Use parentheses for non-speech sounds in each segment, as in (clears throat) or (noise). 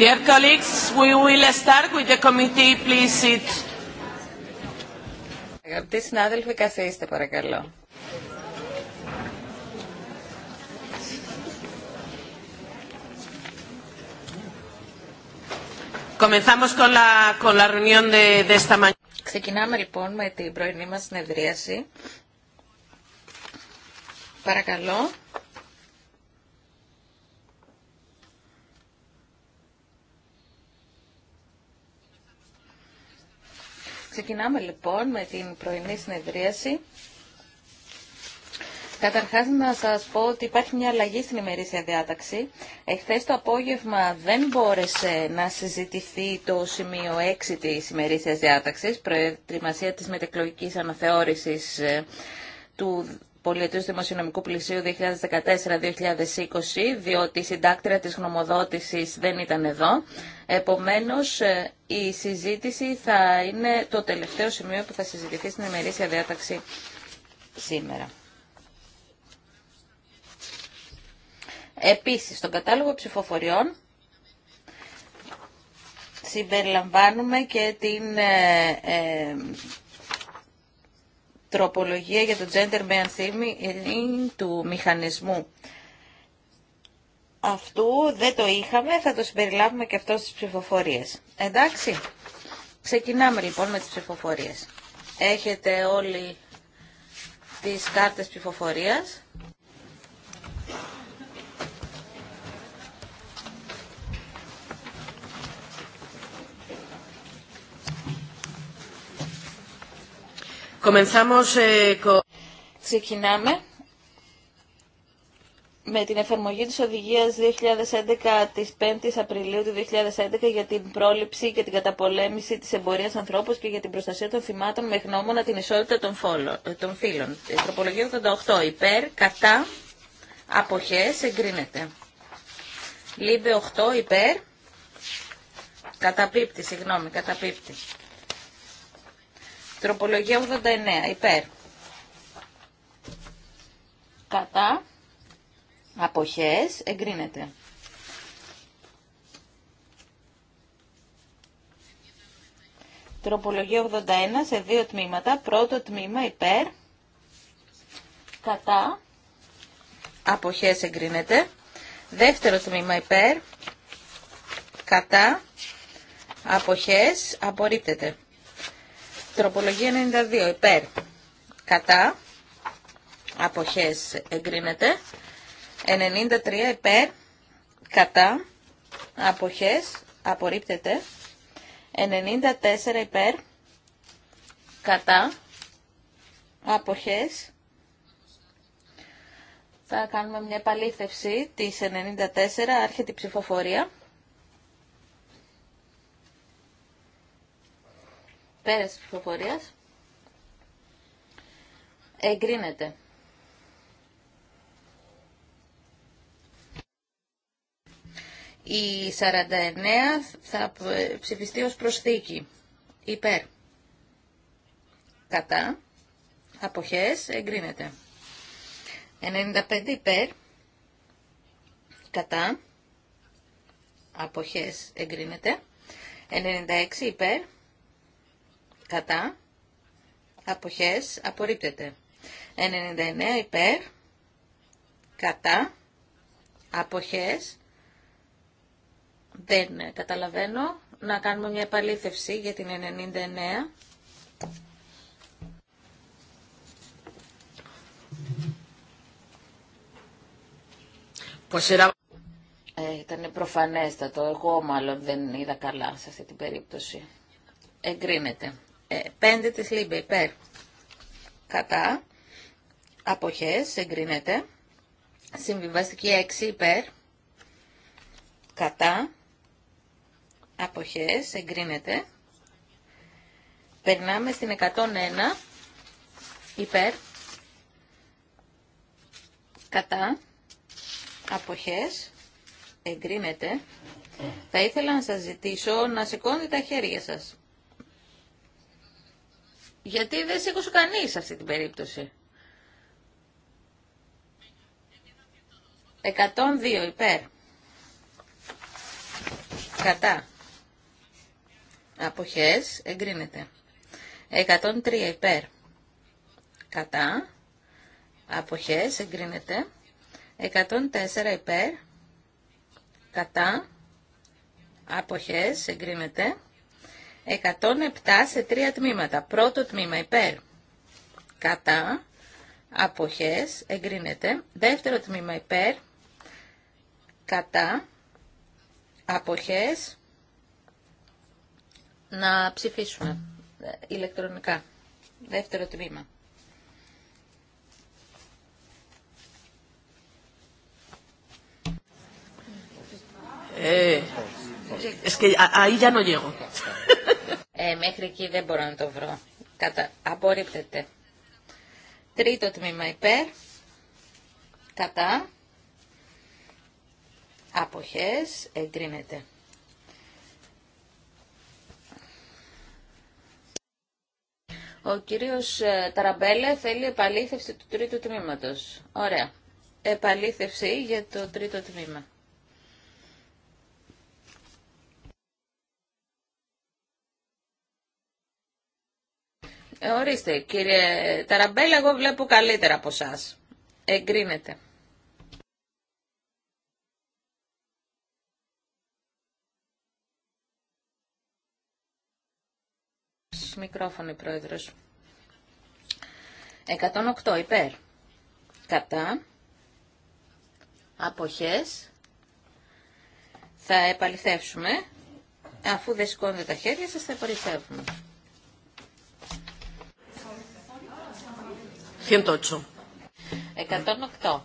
Dear colleagues, we will start with the committee. Please sit. Αγαπητοί συνάδελφοι, καθίστε παρακαλώ. Comenzamos con la, con la reunión de, de esta mañana. Ξεκινάμε λοιπόν με την πρωινή μας συνεδρίαση. Παρακαλώ, Ξεκινάμε λοιπόν με την πρωινή συνεδρίαση. Καταρχάς να σας πω ότι υπάρχει μια αλλαγή στην ημερήσια διάταξη. Εχθές το απόγευμα δεν μπόρεσε να συζητηθεί το σημείο 6 της ημερήσιας διάταξης, προετοιμασία της μετεκλογικής αναθεώρησης ε, του πολιετούς δημοσιονομικού πλησίου 2014-2020, διότι η συντάκτρια της γνωμοδότησης δεν ήταν εδώ. Επομένως, ε, η συζήτηση θα είναι το τελευταίο σημείο που θα συζητηθεί στην ημερήσια διάταξη σήμερα. Επίσης, στον κατάλογο ψηφοφοριών συμπεριλαμβάνουμε και την ε, ε τροπολογία για το gender mainstreaming του μηχανισμού. Αυτού δεν το είχαμε, θα το συμπεριλάβουμε και αυτό στις ψηφοφορίες. Εντάξει, ξεκινάμε λοιπόν με τις ψηφοφορίες. Έχετε όλοι τις κάρτες ψηφοφορίας. Eh, Ξεκινάμε με την εφαρμογή της οδηγίας 2011 της 5ης Απριλίου του 2011 για την πρόληψη και την καταπολέμηση της εμπορίας ανθρώπων και για την προστασία των θυμάτων με γνώμονα την ισότητα των, φόλων, ε, των φύλων. Τροπολογία 88. Υπέρ, κατά, αποχές, εγκρίνεται. Λίμπε 8. Υπέρ, καταπίπτει, συγγνώμη, καταπίπτει. Τροπολογία 89. Υπέρ. Κατά. Αποχές. Εγκρίνεται. Τροπολογία 81 σε δύο τμήματα. Πρώτο τμήμα υπέρ. Κατά. Αποχές εγκρίνεται. Δεύτερο τμήμα υπέρ. Κατά. Αποχές απορρίπτεται. Τροπολογία 92 υπέρ. Κατά. Αποχές εγκρίνεται. 93 υπέρ. Κατά. Αποχές απορρίπτεται. 94 υπέρ. Κατά. Αποχές. Θα κάνουμε μια επαλήθευση της 94. Άρχεται η ψηφοφορία. Πέρας της ψηφοφορίας. Εγκρίνεται. Η 49 θα ψηφιστεί ως προσθήκη. Υπέρ. Κατά. Αποχές. Εγκρίνεται. 95 υπέρ. Κατά. Αποχές. Εγκρίνεται. 96 υπέρ κατά, αποχές, απορρίπτεται. 99 υπέρ, κατά, αποχές, δεν καταλαβαίνω. Να κάνουμε μια επαλήθευση για την 99. Πώς Είναι ε, ήταν προφανέστατο. Εγώ μάλλον δεν είδα καλά σε αυτή την περίπτωση. Εγκρίνεται. 5 ε, της ΛΥΜΠΕ υπέρ κατά αποχές εγκρίνεται συμβιβαστική 6 υπέρ κατά αποχές εγκρίνεται περνάμε στην 101 υπέρ κατά αποχές εγκρίνεται θα ήθελα να σας ζητήσω να σηκώνετε τα χέρια σας γιατί δεν σήκωσε κανείς σε αυτή την περίπτωση. 102 υπέρ. Κατά. Αποχές εγκρίνεται. 103 υπέρ. Κατά. Αποχές εγκρίνεται. 104 υπέρ. Κατά. Αποχές εγκρίνεται. 107 σε τρία τμήματα. Πρώτο τμήμα υπέρ. Κατά. Αποχές. Εγκρίνεται. Δεύτερο τμήμα υπέρ. Κατά. Αποχές. Να ψηφίσουμε ηλεκτρονικά. Δεύτερο τμήμα. Ε, es que ahí ya no llego. Ε, μέχρι εκεί δεν μπορώ να το βρω. Κατα... Απορρίπτεται. Τρίτο τμήμα υπέρ. Κατά. Αποχές. Εγκρίνεται. Ο κύριος ε, Ταραμπέλε θέλει επαλήθευση του τρίτου τμήματος. Ωραία. Επαλήθευση για το τρίτο τμήμα. Ε, ορίστε, κύριε Ταραμπέλα, εγώ βλέπω καλύτερα από εσά. Εγκρίνεται. Μικρόφωνο, πρόεδρος. 108 υπέρ. Κατά. Αποχές. Θα επαληθεύσουμε. Αφού δεν σηκώνετε τα χέρια σας θα επαληθεύουμε. 108. 108.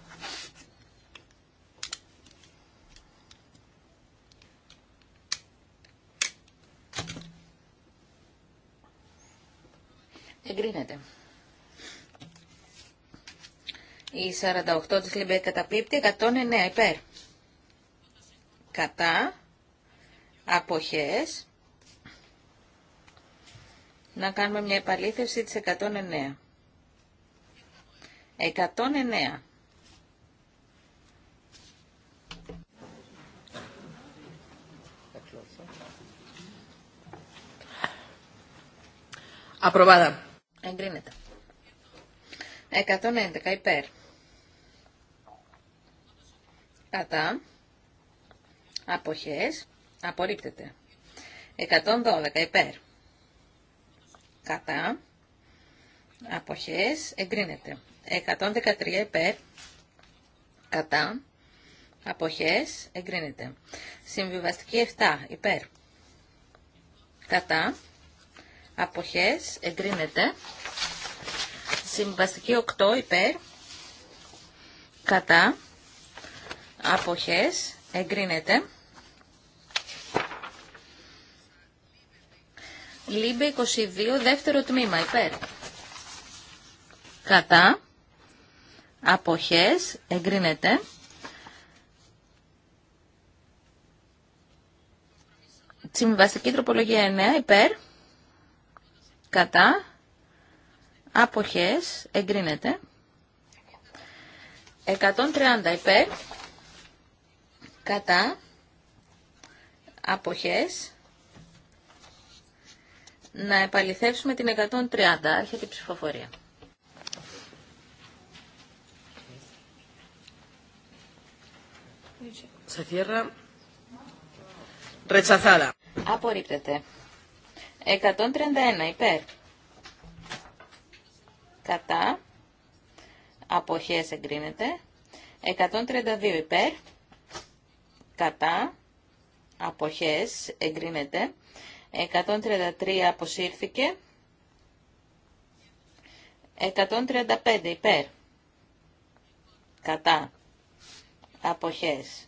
Εγκρίνεται. Η 48 της Λιμπέ καταπίπτει 109 υπέρ. Κατά. Αποχές. Να κάνουμε μια επαλήθευση της 109. 109. Απροβάδα. Εγκρίνεται. 111 υπέρ. Κατά. Αποχές. Απορρίπτεται. 112 υπέρ. Κατά. Αποχές. Εγκρίνεται. 113 υπέρ, κατά, αποχές, εγκρίνεται. Συμβιβαστική 7 υπέρ, κατά, αποχές, εγκρίνεται. Συμβιβαστική 8 υπέρ, κατά, αποχές, εγκρίνεται. Λίμπε 22, δεύτερο τμήμα, υπέρ. Κατά αποχές εγκρίνεται. Συμβαστική τροπολογία 9 υπέρ, κατά, αποχές εγκρίνεται. 130 υπέρ, κατά, αποχές να επαληθεύσουμε την 130 Έρχεται η ψηφοφορία. Se cierra. Rechazada. Απορρίπτεται. 131 υπέρ. Κατά. Αποχές εγκρίνεται. 132 υπέρ. Κατά. Αποχές εγκρίνεται. 133 αποσύρθηκε. 135 υπέρ. Κατά. Αποχές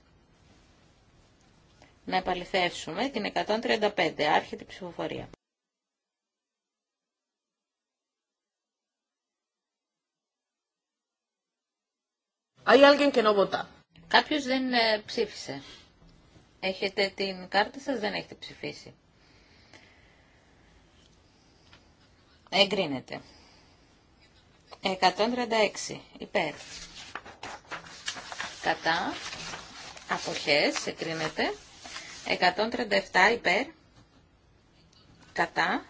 να επαληθεύσουμε την 135. Άρχεται η ψηφοφορία. Κάποιος δεν ε, ψήφισε. Έχετε την κάρτα σας, δεν έχετε ψηφίσει. Εγκρίνεται. 136. Υπέρ. Κατά. Αποχές. Εγκρίνεται. 137 υπέρ, κατά,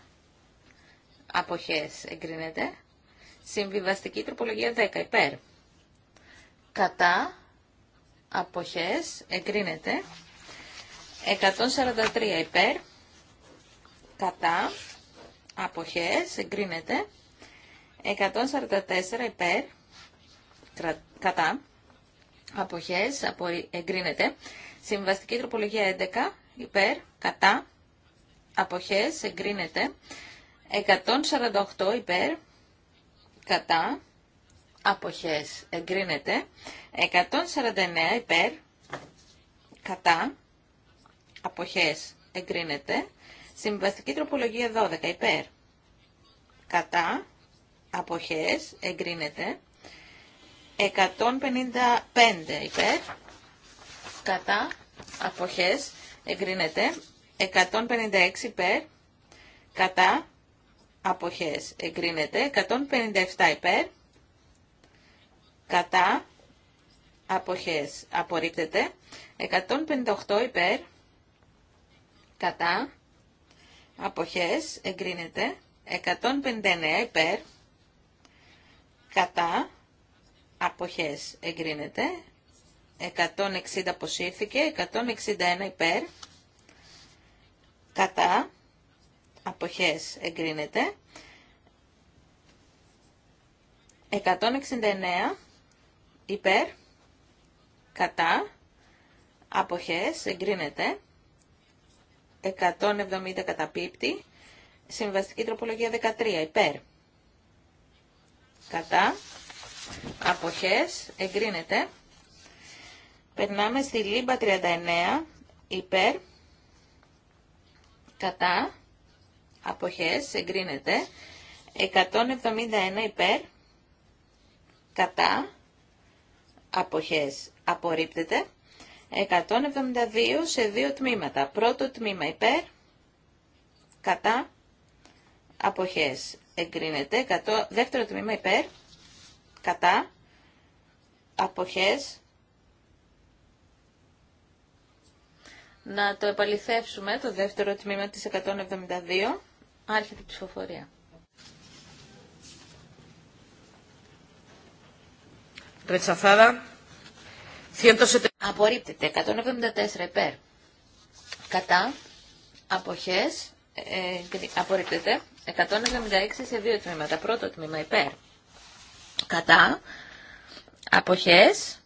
αποχές εγκρίνεται. Συμβιβαστική τροπολογία 10 υπέρ, κατά, αποχές εγκρίνεται. 143 υπέρ, κατά, αποχές εγκρίνεται. 144 υπέρ, κατά, αποχές εγκρίνεται. Συμβαστική τροπολογία 11, υπέρ, κατά, αποχές, εγκρίνεται. 148 υπέρ, κατά, αποχές, εγκρίνεται. 149 υπέρ, κατά, αποχές, εγκρίνεται. Συμβαστική τροπολογία 12 υπέρ, κατά, αποχές, εγκρίνεται. 155 υπέρ, κατά, αποχές, εγκρίνεται. 156 υπέρ, κατά, αποχές, εγκρίνεται. 157 υπέρ, κατά, αποχές, απορρίπτεται. 158 υπέρ, κατά, αποχές, εγκρίνεται. 159 υπέρ, κατά, αποχές εγκρίνεται, 160 αποσύρθηκε, 161 υπέρ, κατά, αποχές εγκρίνεται, 169 υπέρ, κατά, αποχές εγκρίνεται, 170 κατά καταπίπτει, συμβαστική τροπολογία 13 υπέρ, κατά, αποχές εγκρίνεται, Περνάμε στη λίμπα 39, υπέρ, κατά, αποχές, εγκρίνεται, 171 υπέρ, κατά, αποχές, απορρίπτεται, 172 σε δύο τμήματα. Πρώτο τμήμα υπέρ, κατά, αποχές, εγκρίνεται, 100, δεύτερο τμήμα υπέρ, κατά, αποχές, να το επαληθεύσουμε, το δεύτερο τμήμα της 172, άρχεται η ψηφοφορία. Ρετσαφάδα. 170... Απορρίπτεται. 174 υπέρ. Κατά. Αποχές. Ε, ε απορρίπτεται. 176 σε δύο τμήματα. Πρώτο τμήμα υπέρ. Κατά. Αποχές.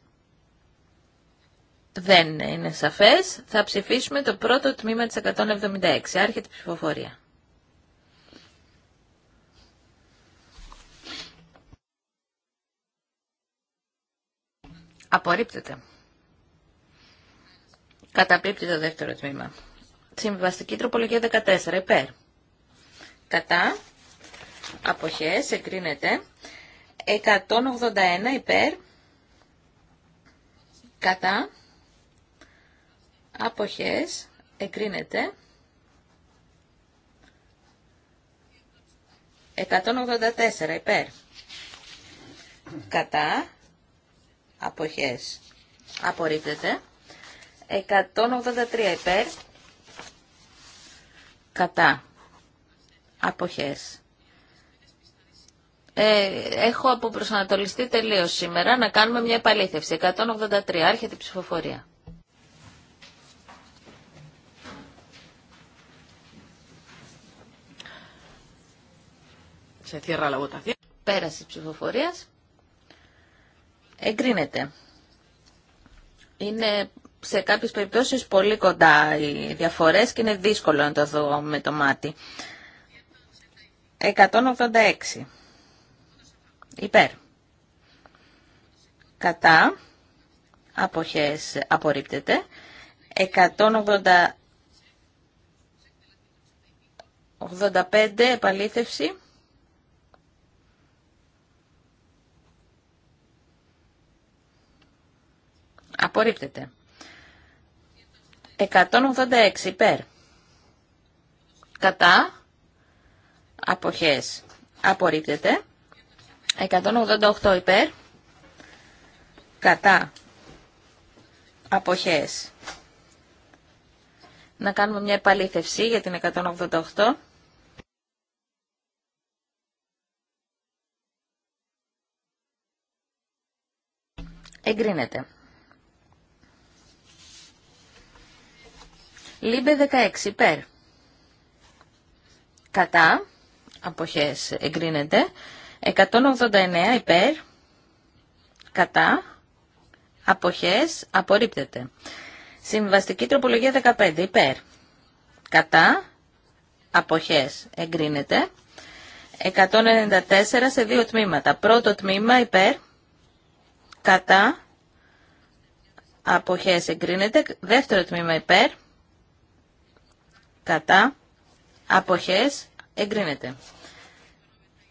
Δεν είναι σαφές. Θα ψηφίσουμε το πρώτο τμήμα της 176. Άρχεται η ψηφοφορία. Απορρίπτεται. Καταπίπτει το δεύτερο τμήμα. Συμβαστική τροπολογία 14. Υπέρ. Κατά. Αποχές. Εγκρίνεται. 181 υπέρ. Κατά αποχές εγκρίνεται 184 υπέρ κατά αποχές απορρίπτεται 183 υπέρ κατά αποχές ε, έχω αποπροσανατολιστεί τελείως σήμερα να κάνουμε μια επαλήθευση 183 άρχεται η ψηφοφορία Se cierra Πέραση ψηφοφορίας. Εγκρίνεται. Είναι σε κάποιες περιπτώσεις πολύ κοντά οι διαφορές και είναι δύσκολο να το δω με το μάτι. 186. Υπέρ. Κατά. Αποχές απορρίπτεται. 180... 85 επαλήθευση. Απορρίπτεται. 186 υπέρ. Κατά. Αποχές. Απορρίπτεται. 188 υπέρ. Κατά. Αποχές. Να κάνουμε μια επαλήθευση για την 188. Εγκρίνεται. Λίμπε 16 υπέρ. Κατά. Αποχές εγκρίνεται. 189 υπέρ. Κατά. Αποχές απορρίπτεται. Συμβαστική τροπολογία 15 υπέρ. Κατά. Αποχές εγκρίνεται. 194 σε δύο τμήματα. Πρώτο τμήμα υπέρ. Κατά. Αποχές εγκρίνεται. Δεύτερο τμήμα υπέρ κατά, αποχές, εγκρίνεται.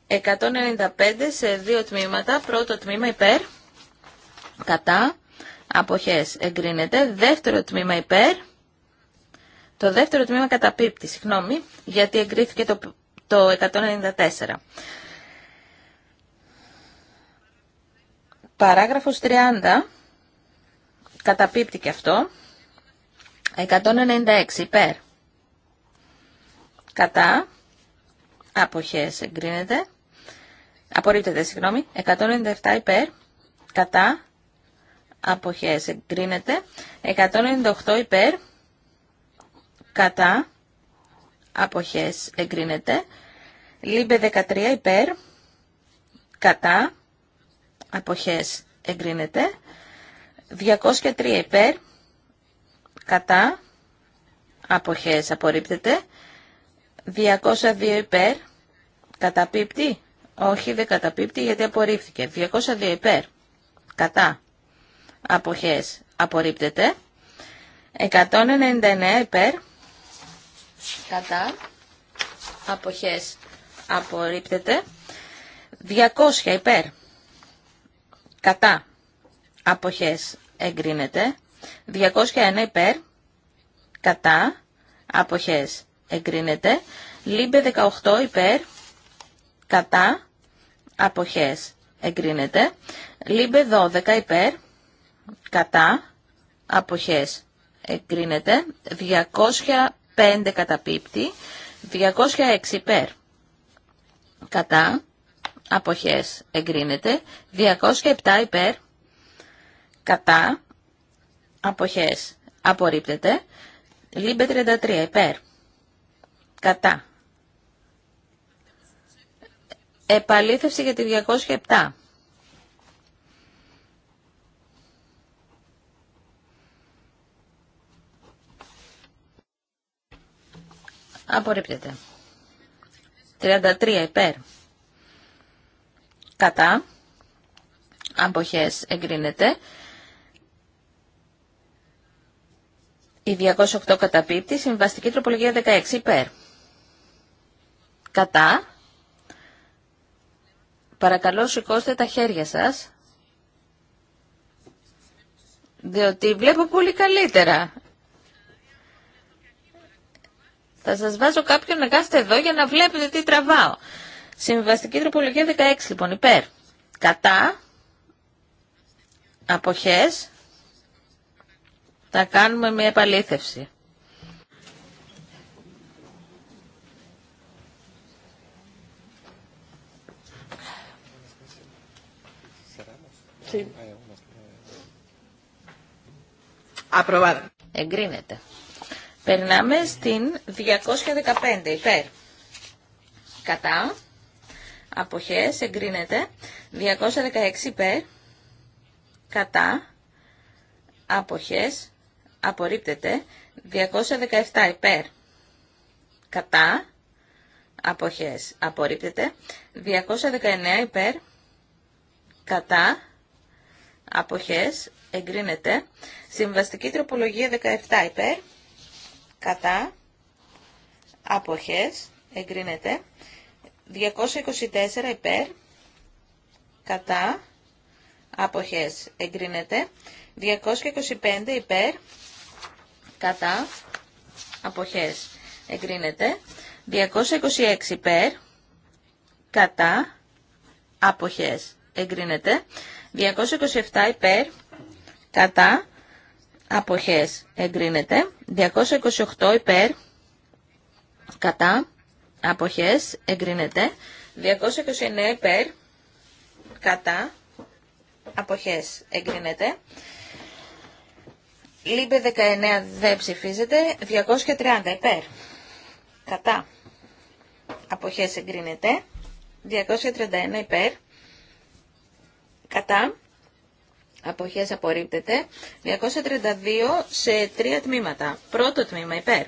195 σε δύο τμήματα, πρώτο τμήμα υπέρ, κατά, αποχές, εγκρίνεται. Δεύτερο τμήμα υπέρ, το δεύτερο τμήμα καταπίπτει, συγγνώμη, γιατί εγκρίθηκε το, το 194. Παράγραφος 30, καταπίπτει και αυτό, 196 υπέρ κατά, αποχές εγκρίνεται, απορρίπτεται, συγγνώμη, 197 υπέρ, κατά, αποχές εγκρίνεται, 198 υπέρ, κατά, αποχές εγκρίνεται, λίμπε 13 υπέρ, κατά, αποχές εγκρίνεται, 203 υπέρ, κατά, αποχές απορρίπτεται, 202 υπέρ. Καταπίπτει. Όχι, δεν καταπίπτει γιατί απορρίφθηκε. 202 υπέρ. Κατά. Αποχές. Απορρίπτεται. 199 υπέρ. Κατά. Αποχές. Απορρίπτεται. 200 υπέρ. Κατά. Αποχές. Εγκρίνεται. 201 υπέρ. Κατά. Αποχές εγκρίνεται. Λίμπε 18 υπέρ, κατά, αποχές, εγκρίνεται. Λίμπε 12 υπέρ, κατά, αποχές, εγκρίνεται. 205 καταπίπτει, 206 υπέρ, κατά, αποχές, εγκρίνεται. 207 υπέρ, κατά, αποχές, απορρίπτεται. Λίμπε 33 υπέρ, Κατά. Επαλήθευση για τη 207. Απορρίπτεται. 33 υπέρ. Κατά. Αποχές εγκρίνεται. Η 208 καταπίπτει. Συμβαστική τροπολογία 16 υπέρ. Κατά. Παρακαλώ σηκώστε τα χέρια σας. Διότι βλέπω πολύ καλύτερα. Θα σας βάζω κάποιον να κάθετε εδώ για να βλέπετε τι τραβάω. Συμβαστική τροπολογία 16 λοιπόν υπέρ. Κατά. Αποχές. Θα κάνουμε μια επαλήθευση. Sí. Εγκρίνεται. Περνάμε στην 215 υπέρ. Κατά. Αποχές εγκρίνεται. 216 υπέρ. Κατά. Αποχές απορρίπτεται. 217 υπέρ. Κατά. Αποχές απορρίπτεται. 219 υπέρ. Κατά αποχές εγκρίνεται. Συμβαστική τροπολογία 17 υπέρ, κατά, αποχές εγκρίνεται. 224 υπέρ, κατά, αποχές εγκρίνεται. 225 υπέρ, κατά, αποχές εγκρίνεται. 226 υπέρ, κατά, αποχές εγκρίνεται. 227 υπέρ, κατά, αποχές εγκρίνεται. 228 υπέρ, κατά, αποχές εγκρίνεται. 229 υπέρ, κατά, αποχές εγκρίνεται. Λίμπε 19 δεν ψηφίζεται. 230 υπέρ. Κατά. Αποχές εγκρίνεται. 231 υπέρ. Κατά. Αποχές απορρίπτεται. 232 σε τρία τμήματα. Πρώτο τμήμα υπέρ.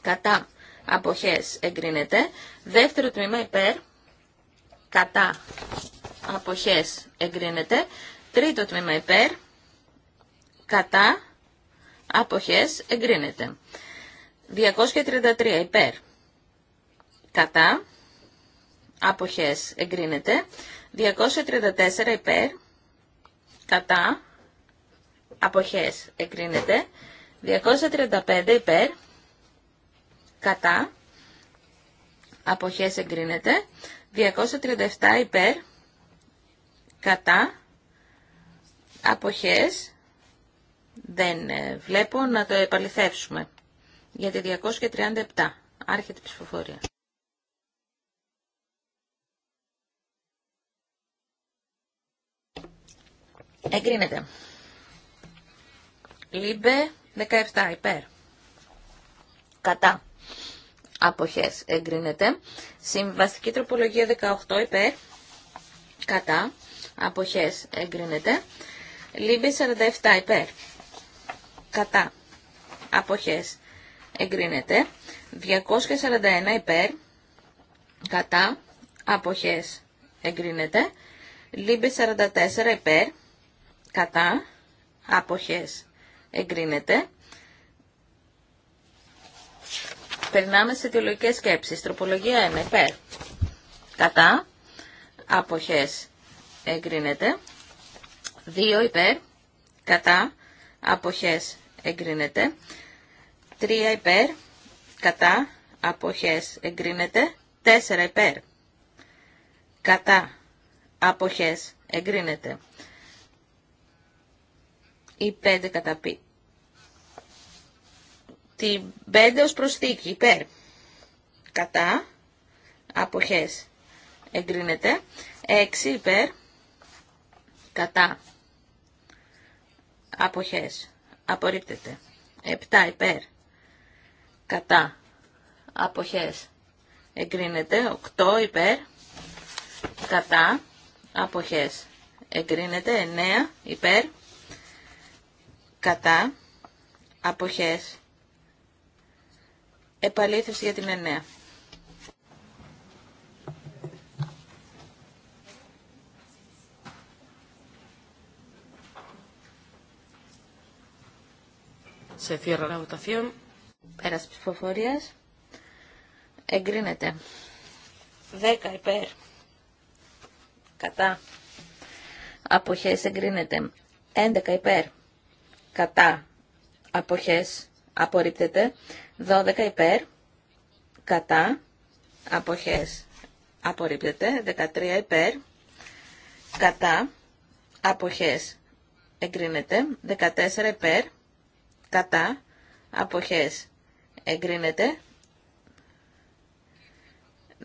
Κατά. Αποχές εγκρίνεται. Δεύτερο τμήμα υπέρ. Κατά. Αποχές εγκρίνεται. Τρίτο τμήμα υπέρ. Κατά. Αποχές εγκρίνεται. 233 υπέρ. Κατά. Αποχές εγκρίνεται. 234 υπέρ, κατά, αποχές εκρίνεται. 235 υπέρ, κατά, αποχές εγκρίνεται. 237 υπέρ, κατά, αποχές, δεν ε, βλέπω να το επαληθεύσουμε. Γιατί 237, άρχεται η ψηφοφορία. Εγκρίνεται. Λίμπε 17 υπέρ. Κατά. Αποχές εγκρίνεται. Συμβαστική τροπολογία 18 υπέρ. Κατά. Αποχές εγκρίνεται. Λίμπε 47 υπέρ. Κατά. Αποχές εγκρίνεται. 241 υπέρ. Κατά. Αποχές εγκρίνεται. Λίμπε 44 υπέρ κατά, αποχές, εγκρίνεται. Περνάμε σε αιτιολογικές σκέψεις. Τροπολογία 1, υπέρ, κατά, αποχές, εγκρίνεται. 2, υπέρ, κατά, αποχές, εγκρίνεται. 3, υπέρ, κατά, αποχές, εγκρίνεται. 4, υπέρ, κατά, αποχές, εγκρίνεται ή 5 κατά πι. Την 5 ως προσθήκη, υπέρ. Κατά. Αποχές. Εγκρίνεται. 6 υπέρ. Κατά. Αποχές. Απορρίπτεται. 7 υπέρ. Κατά. Αποχές. Εγκρίνεται. 8 υπέρ. Κατά. Αποχές. Εγκρίνεται. 9 υπέρ κατά, αποχές, επαλήθευση για την εννέα. Σε cierra Πέρας ψηφοφορίας. Εγκρίνεται. δέκα υπέρ. Κατά. Αποχές εγκρίνεται. έντεκα υπέρ κατά αποχές απορρίπτεται 12 υπέρ κατά αποχές απορρίπτεται 13 υπέρ κατά αποχές εγκρίνεται 14 υπέρ κατά αποχές εγκρίνεται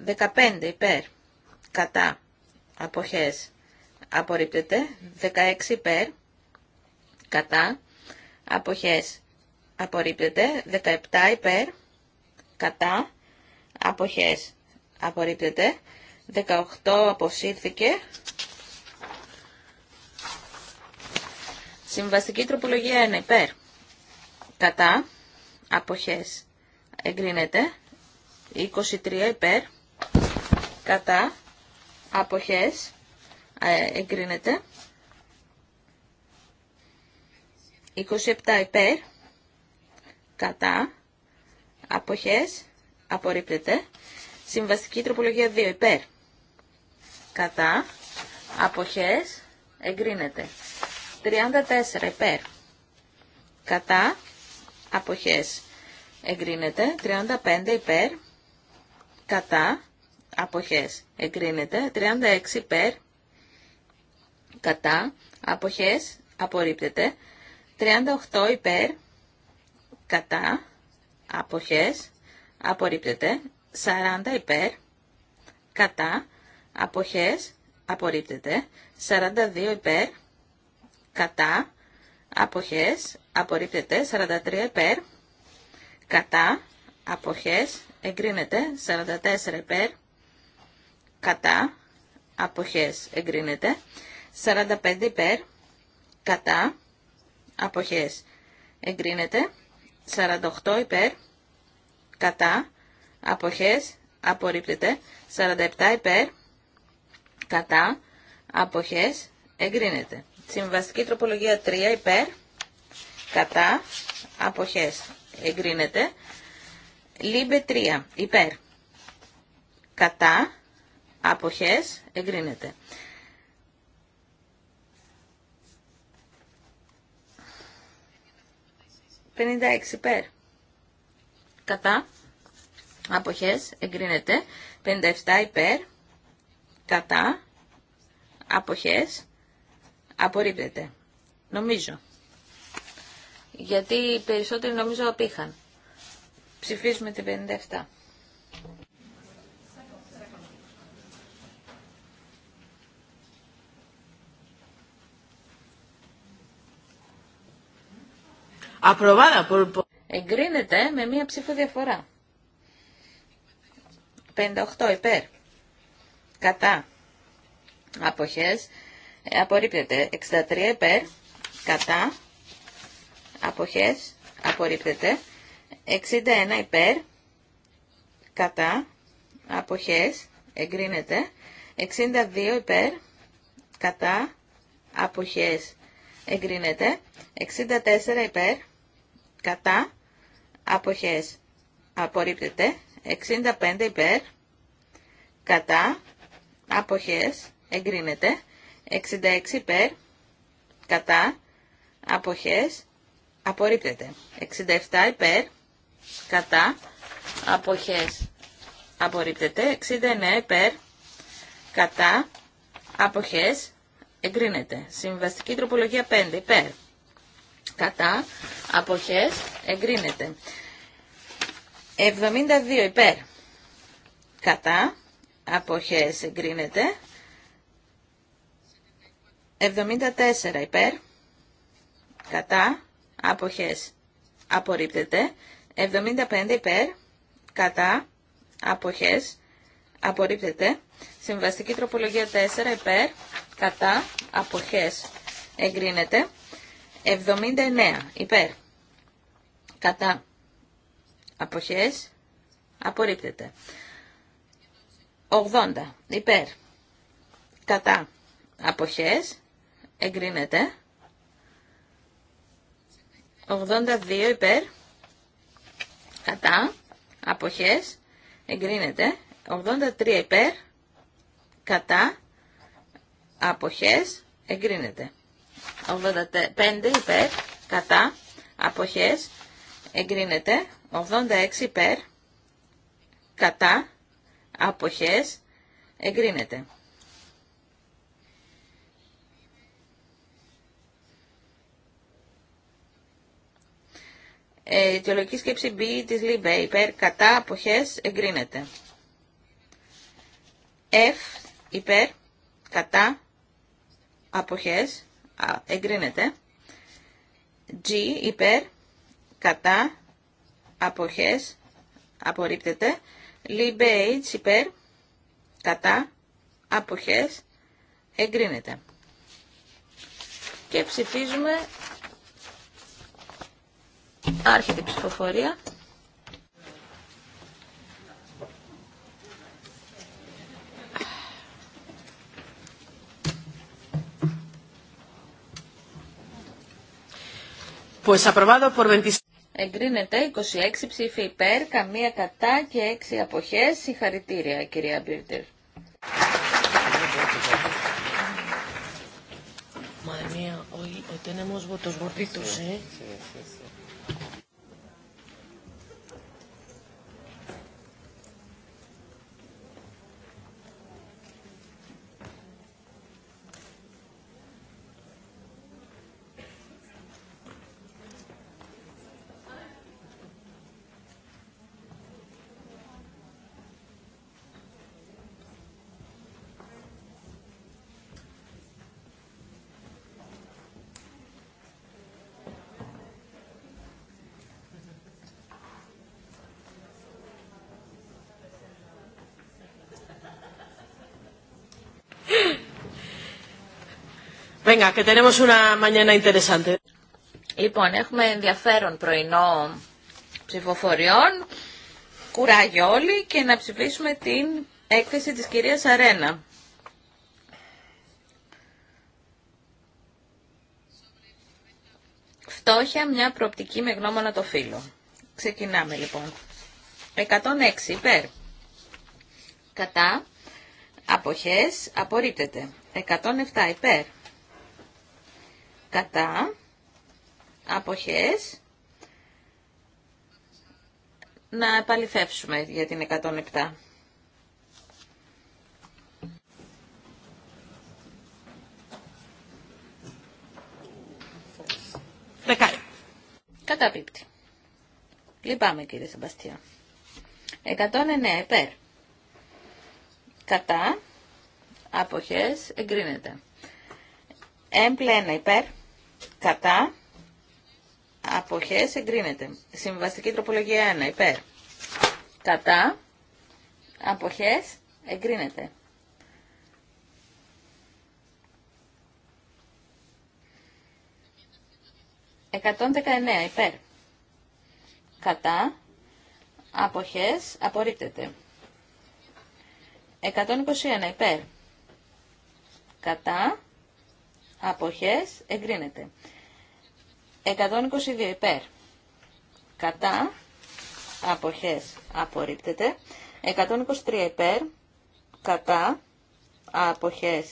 15 υπέρ κατά αποχές απορρίπτεται 16 υπέρ κατά αποχές απορρίπτεται, 17 υπέρ, κατά, αποχές απορρίπτεται, 18 αποσύρθηκε, συμβαστική τροπολογία 1 υπέρ, κατά, αποχές εγκρίνεται, 23 υπέρ, κατά, αποχές ε, εγκρίνεται, 27 υπέρ, κατά, αποχές, απορρίπτεται. Συμβαστική τροπολογία 2 υπέρ, κατά, αποχές, εγκρίνεται. 34 υπέρ, κατά, αποχές, εγκρίνεται. 35 υπέρ, κατά, αποχές, εγκρίνεται. 36 υπέρ, κατά, αποχές, απορρίπτεται. 38 υπέρ, κατά, αποχές, απορρίπτεται. 40 υπέρ, κατά, αποχές, απορρίπτεται. 42 υπέρ, κατά, αποχές, απορρίπτεται. 43 υπέρ, κατά, αποχές, εγκρίνεται. 44 υπέρ, κατά, αποχές, εγκρίνεται. 45 υπέρ, κατά, αποχές εγκρίνεται, 48 υπέρ, κατά, αποχές απορρίπτεται, 47 υπέρ, κατά, αποχές εγκρίνεται. Συμβαστική τροπολογία 3 υπέρ, κατά, αποχές εγκρίνεται, λίμπε 3 υπέρ, κατά, αποχές εγκρίνεται. 56 υπέρ. Κατά. Αποχές. Εγκρίνεται. 57 υπέρ. Κατά. Αποχές. Απορρίπτεται. Νομίζω. Γιατί οι περισσότεροι νομίζω απήχαν. Ψηφίζουμε την 57. Απροβάδα. Εγκρίνεται με μία ψήφο διαφορά. 58 υπέρ. Κατά. Αποχές. Απορρίπτεται. 63 υπέρ. Κατά. Αποχές. Απορρίπτεται. 61 υπέρ. Κατά. Αποχές. Εγκρίνεται. 62 υπέρ. Κατά. Αποχές εγκρίνεται. 64 υπέρ, κατά, αποχές, απορρίπτεται. 65 υπέρ, κατά, αποχές, εγκρίνεται. 66 υπέρ, κατά, αποχές, απορρίπτεται. 67 υπέρ, κατά, αποχές, απορρίπτεται. 69 υπέρ, κατά, αποχές, εγκρίνεται. Συμβαστική τροπολογία 5 υπέρ. Κατά αποχές εγκρίνεται. 72 υπέρ. Κατά αποχές εγκρίνεται. 74 υπέρ. Κατά αποχές απορρίπτεται. 75 υπέρ. Κατά αποχές απορρίπτεται. Συμβαστική τροπολογία 4 υπέρ κατά, αποχές, εγκρίνεται. 79 υπέρ, κατά, αποχές, απορρίπτεται. 80 υπέρ, κατά, αποχές, εγκρίνεται. 82 υπέρ, κατά, αποχές, εγκρίνεται. 83 υπέρ, κατά, αποχές εγκρίνεται. 85 υπέρ κατά αποχές εγκρίνεται. 86 υπέρ κατά αποχές εγκρίνεται. Η ε, αιτιολογική σκέψη B της ΛΥΜΠΕ υπέρ κατά αποχές εγκρίνεται. F υπέρ κατά αποχές, εγκρίνεται. G υπέρ, κατά, αποχές, απορρίπτεται. Λίμπε υπέρ, κατά, αποχές, εγκρίνεται. Και ψηφίζουμε, άρχεται η ψηφοφορία. Pues aprobado por 26. Εγκρίνεται 26 ψήφοι υπέρ, καμία κατά και 6 αποχές. Συγχαρητήρια, κυρία Μπίρτερ. Madre mía, hoy tenemos votos gorditos, ¿eh? Sí, sí, sí. Venga, que tenemos una mañana interesante. Λοιπόν, έχουμε ενδιαφέρον πρωινό ψηφοφοριών. Κουράγιο όλοι και να ψηφίσουμε την έκθεση της κυρίας Αρένα. Φτώχεια μια προοπτική με γνώμονα το φύλλο. Ξεκινάμε λοιπόν. 106 υπέρ. Κατά. Αποχές. Απορρίπτεται. 107 υπέρ κατά, αποχές, να επαληθεύσουμε για την 107. Κατά Καταπίπτει. Λυπάμαι κύριε Σεμπαστιά. 109 υπέρ. Κατά. Αποχές. Εγκρίνεται. Έμπλε 1 υπέρ. Κατά. Αποχές εγκρίνεται. Συμβαστική τροπολογία 1. Υπέρ. Κατά. Αποχές εγκρίνεται. Εκατόν δεκαεννέα υπέρ. Κατά. Αποχές απορρίπτεται. 121 υπέρ. Κατά αποχές εγκρίνεται. 122 υπέρ κατά αποχές απορρίπτεται. 123 υπέρ κατά αποχές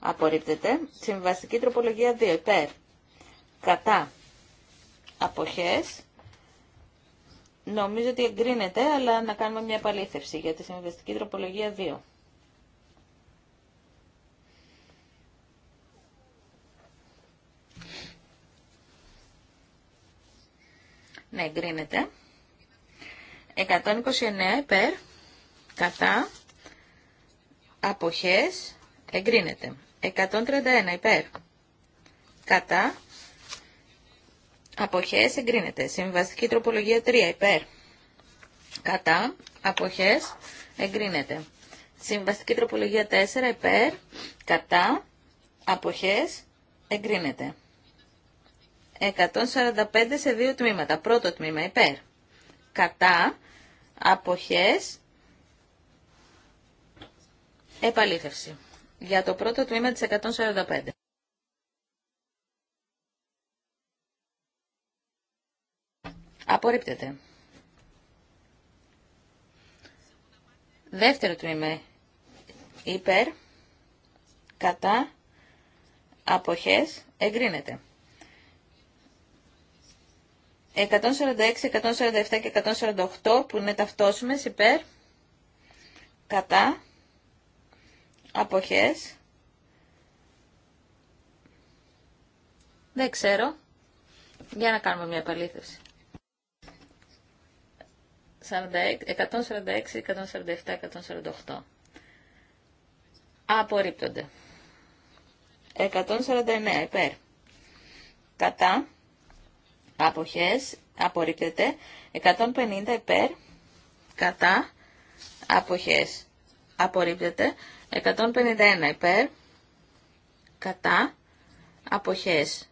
απορρίπτεται. Συμβαστική τροπολογία 2 υπέρ κατά αποχές Νομίζω ότι εγκρίνεται, αλλά να κάνουμε μια επαλήθευση για τη συμβαστική τροπολογία 2. Ναι, εγκρίνεται. 129 υπέρ, κατά, αποχές, εγκρίνεται. 131 υπέρ, κατά, αποχές, εγκρίνεται. Συμβαστική τροπολογία 3 υπέρ, κατά, αποχές, εγκρίνεται. Συμβαστική τροπολογία 4 υπέρ, κατά, αποχές, εγκρίνεται. 145 σε δύο τμήματα. Πρώτο τμήμα υπέρ. Κατά αποχές επαλήθευση. Για το πρώτο τμήμα της 145. Απορρίπτεται. Δεύτερο τμήμα υπέρ, κατά, αποχές, εγκρίνεται. 146, 147 και 148 που είναι ταυτόσιμες υπέρ, κατά, αποχές, δεν ξέρω, για να κάνουμε μια επαλήθευση. 146, 147, 148. Απορρίπτονται. 149 υπέρ. Κατά αποχές απορρίπτεται 150 υπέρ κατά αποχές απορρίπτεται 151 υπέρ κατά αποχές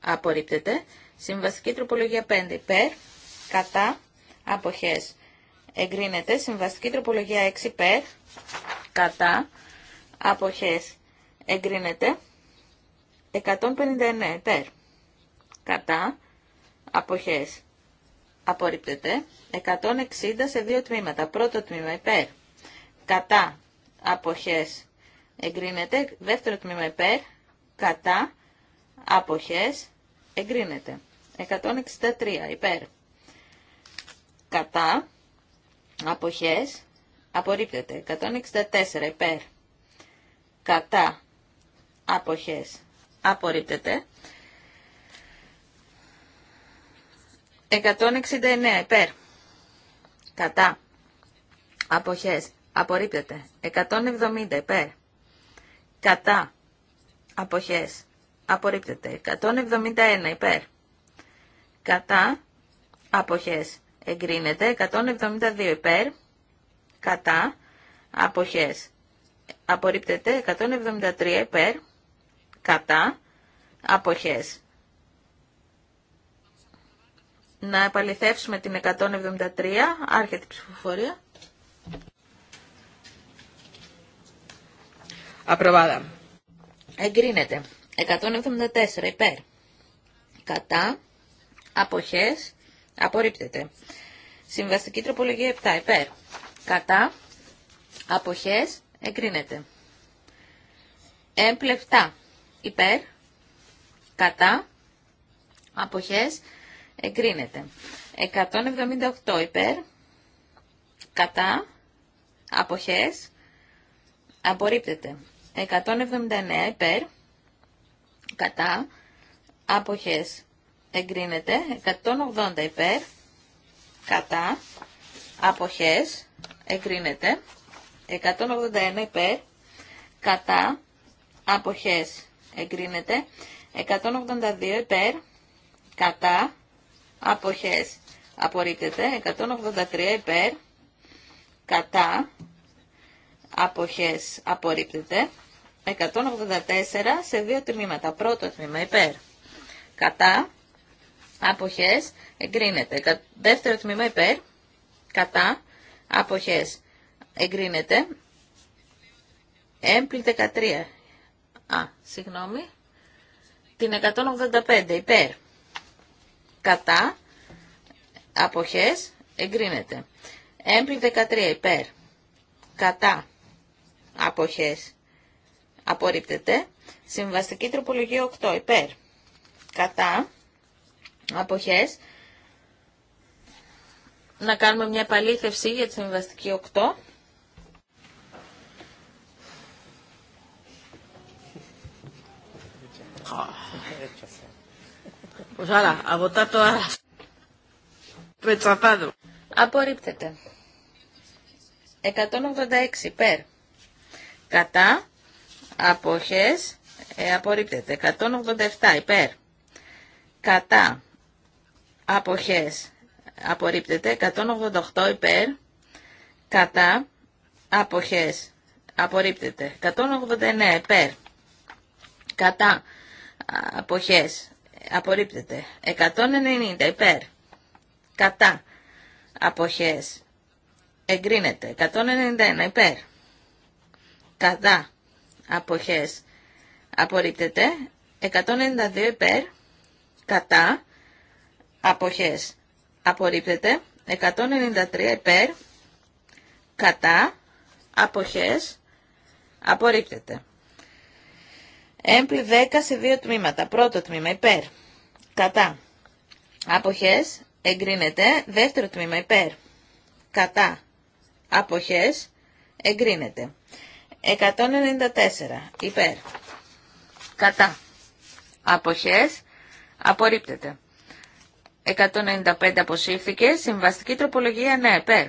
απορρίπτεται συμβαστική τροπολογία 5 υπέρ κατά αποχές εγκρίνεται συμβαστική τροπολογία 6 υπέρ κατά αποχές εγκρίνεται 159 υπέρ κατά αποχές απορρίπτεται 160 σε δύο τμήματα. Πρώτο τμήμα υπέρ, κατά αποχές εγκρίνεται. Δεύτερο τμήμα υπέρ, κατά αποχές εγκρίνεται. 163 υπέρ, κατά αποχές απορρίπτεται. 164 υπέρ, κατά αποχές απορρίπτεται. 169 υπέρ. Κατά. Αποχές. Απορρίπτεται. 170 υπέρ. Κατά. Αποχές. Απορρίπτεται. 171 υπέρ. Κατά. Αποχές. Εγκρίνεται. 172 υπέρ. Κατά. Αποχές. Απορρίπτεται. 173 υπέρ. Κατά. Αποχές να επαληθεύσουμε την 173, άρχεται η ψηφοφορία. Απροβάδα. Εγκρίνεται. 174 υπέρ. Κατά. Αποχές. Απορρίπτεται. Συμβαστική τροπολογία 7 υπέρ. Κατά. Αποχές. Εγκρίνεται. Έμπλεφτα υπέρ. Κατά. Αποχές εγκρίνεται. 178 υπέρ, κατά, αποχές, απορρίπτεται. 179 υπέρ, κατά, αποχές, εγκρίνεται. 180 υπέρ, κατά, αποχές, εγκρίνεται. 181 υπέρ, κατά, αποχές, εγκρίνεται. 182 υπέρ, κατά, αποχές απορρίπτεται 183 υπέρ κατά αποχές απορρίπτεται 184 σε δύο τμήματα πρώτο τμήμα υπέρ κατά αποχές εγκρίνεται δεύτερο τμήμα υπέρ κατά αποχές εγκρίνεται έμπλη 13 α, συγγνώμη την 185 υπέρ κατά, αποχές, εγκρίνεται. Έμπλη 13 υπέρ, κατά, αποχές, απορρίπτεται. Συμβαστική τροπολογία 8 υπέρ, κατά, αποχές. Να κάνουμε μια επαλήθευση για τη συμβαστική 8. Πως Απορρίπτεται. 186 υπέρ. Κατά. Αποχές. Ε, απορρίπτεται. 187 υπέρ. Κατά. Αποχές. Απορρίπτεται. 188 υπέρ. Κατά. Αποχές. Απορρίπτεται. 189 υπέρ. Κατά. Αποχές απορρίπτεται. 190 υπέρ. Κατά. Αποχές. Εγκρίνεται. 191 υπέρ. Κατά. Αποχές. Απορρίπτεται. 192 υπέρ. Κατά. Αποχές. Απορρίπτεται. 193 υπέρ. Κατά. Αποχές. Απορρίπτεται. Έμπλη 10 σε δύο τμήματα. Πρώτο τμήμα υπέρ. Κατά. Αποχές εγκρίνεται. Δεύτερο τμήμα υπέρ. Κατά. Αποχές εγκρίνεται. 194 υπέρ. Κατά. Αποχές απορρίπτεται. 195 αποσύρθηκε. Συμβαστική τροπολογία ναι υπέρ.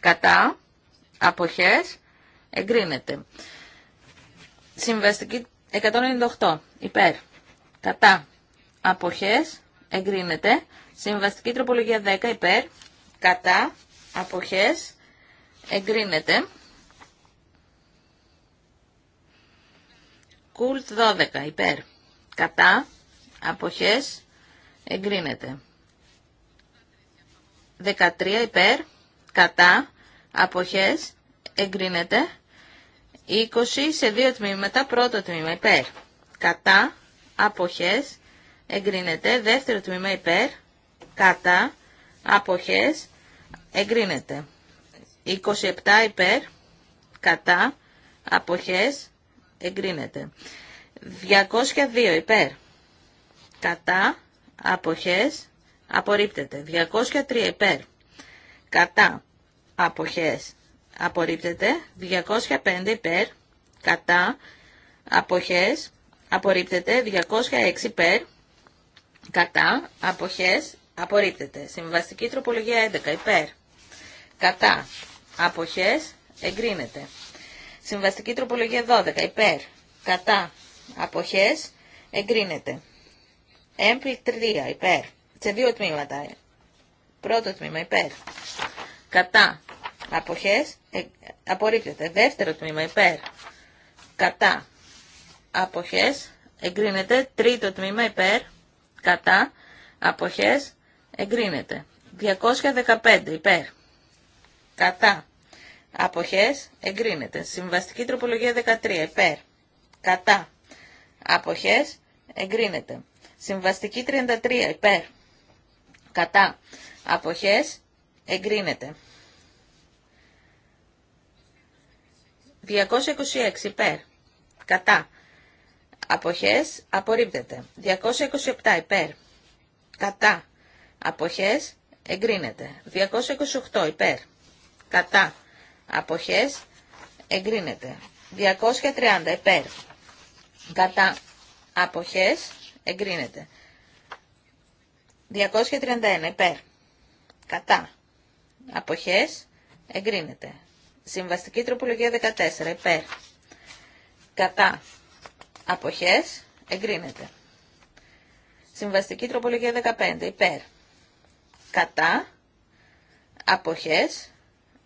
Κατά. Αποχές εγκρίνεται. Συμβαστική 198 υπέρ κατά αποχές εγκρίνεται. Συμβαστική τροπολογία 10 υπέρ κατά αποχές εγκρίνεται. Κουλτ 12 υπέρ κατά αποχές εγκρίνεται. 13 υπέρ κατά αποχές εγκρίνεται. 20 σε δύο τμήματα, πρώτο τμήμα υπέρ, κατά, αποχές, εγκρίνεται, δεύτερο τμήμα υπέρ, κατά, αποχές, εγκρίνεται. 27 υπέρ, κατά, αποχές, εγκρίνεται. 202 υπέρ, κατά, αποχές, απορρίπτεται. 203 υπέρ, κατά, αποχές, απορρίπτεται. 205 υπέρ, κατά, αποχές, απορρίπτεται. 206 υπέρ, κατά, αποχές, απορρίπτεται. Συμβαστική τροπολογία 11 υπέρ, κατά, αποχές, εγκρίνεται. Συμβαστική τροπολογία 12 υπέρ, κατά, αποχές, εγκρίνεται. Έμπλη 3 υπέρ, σε δύο τμήματα. Πρώτο τμήμα υπέρ, κατά, Αποχές. Ε, απορρίπτεται. Δεύτερο τμήμα υπέρ. Κατά. Αποχές. Εγκρίνεται. Τρίτο τμήμα υπέρ. Κατά. Αποχές. Εγκρίνεται. 215 υπέρ. Κατά. Αποχές. Εγκρίνεται. Συμβαστική τροπολογία 13 υπέρ. Κατά. Αποχές. Εγκρίνεται. Συμβαστική 33 υπέρ. Κατά. Αποχές. Εγκρίνεται. 226 υπέρ. Κατά. Αποχές απορρίπτεται. 227 υπέρ. Κατά. Αποχές εγκρίνεται. 228 υπέρ. Κατά. Αποχές εγκρίνεται. 230 υπέρ. Κατά. Αποχές εγκρίνεται. 231 υπέρ. Κατά. Αποχές εγκρίνεται. Συμβαστική τροπολογία 14. Υπέρ. Κατά. Αποχές. Εγκρίνεται. Συμβαστική τροπολογία 15. Υπέρ. Κατά. Αποχές.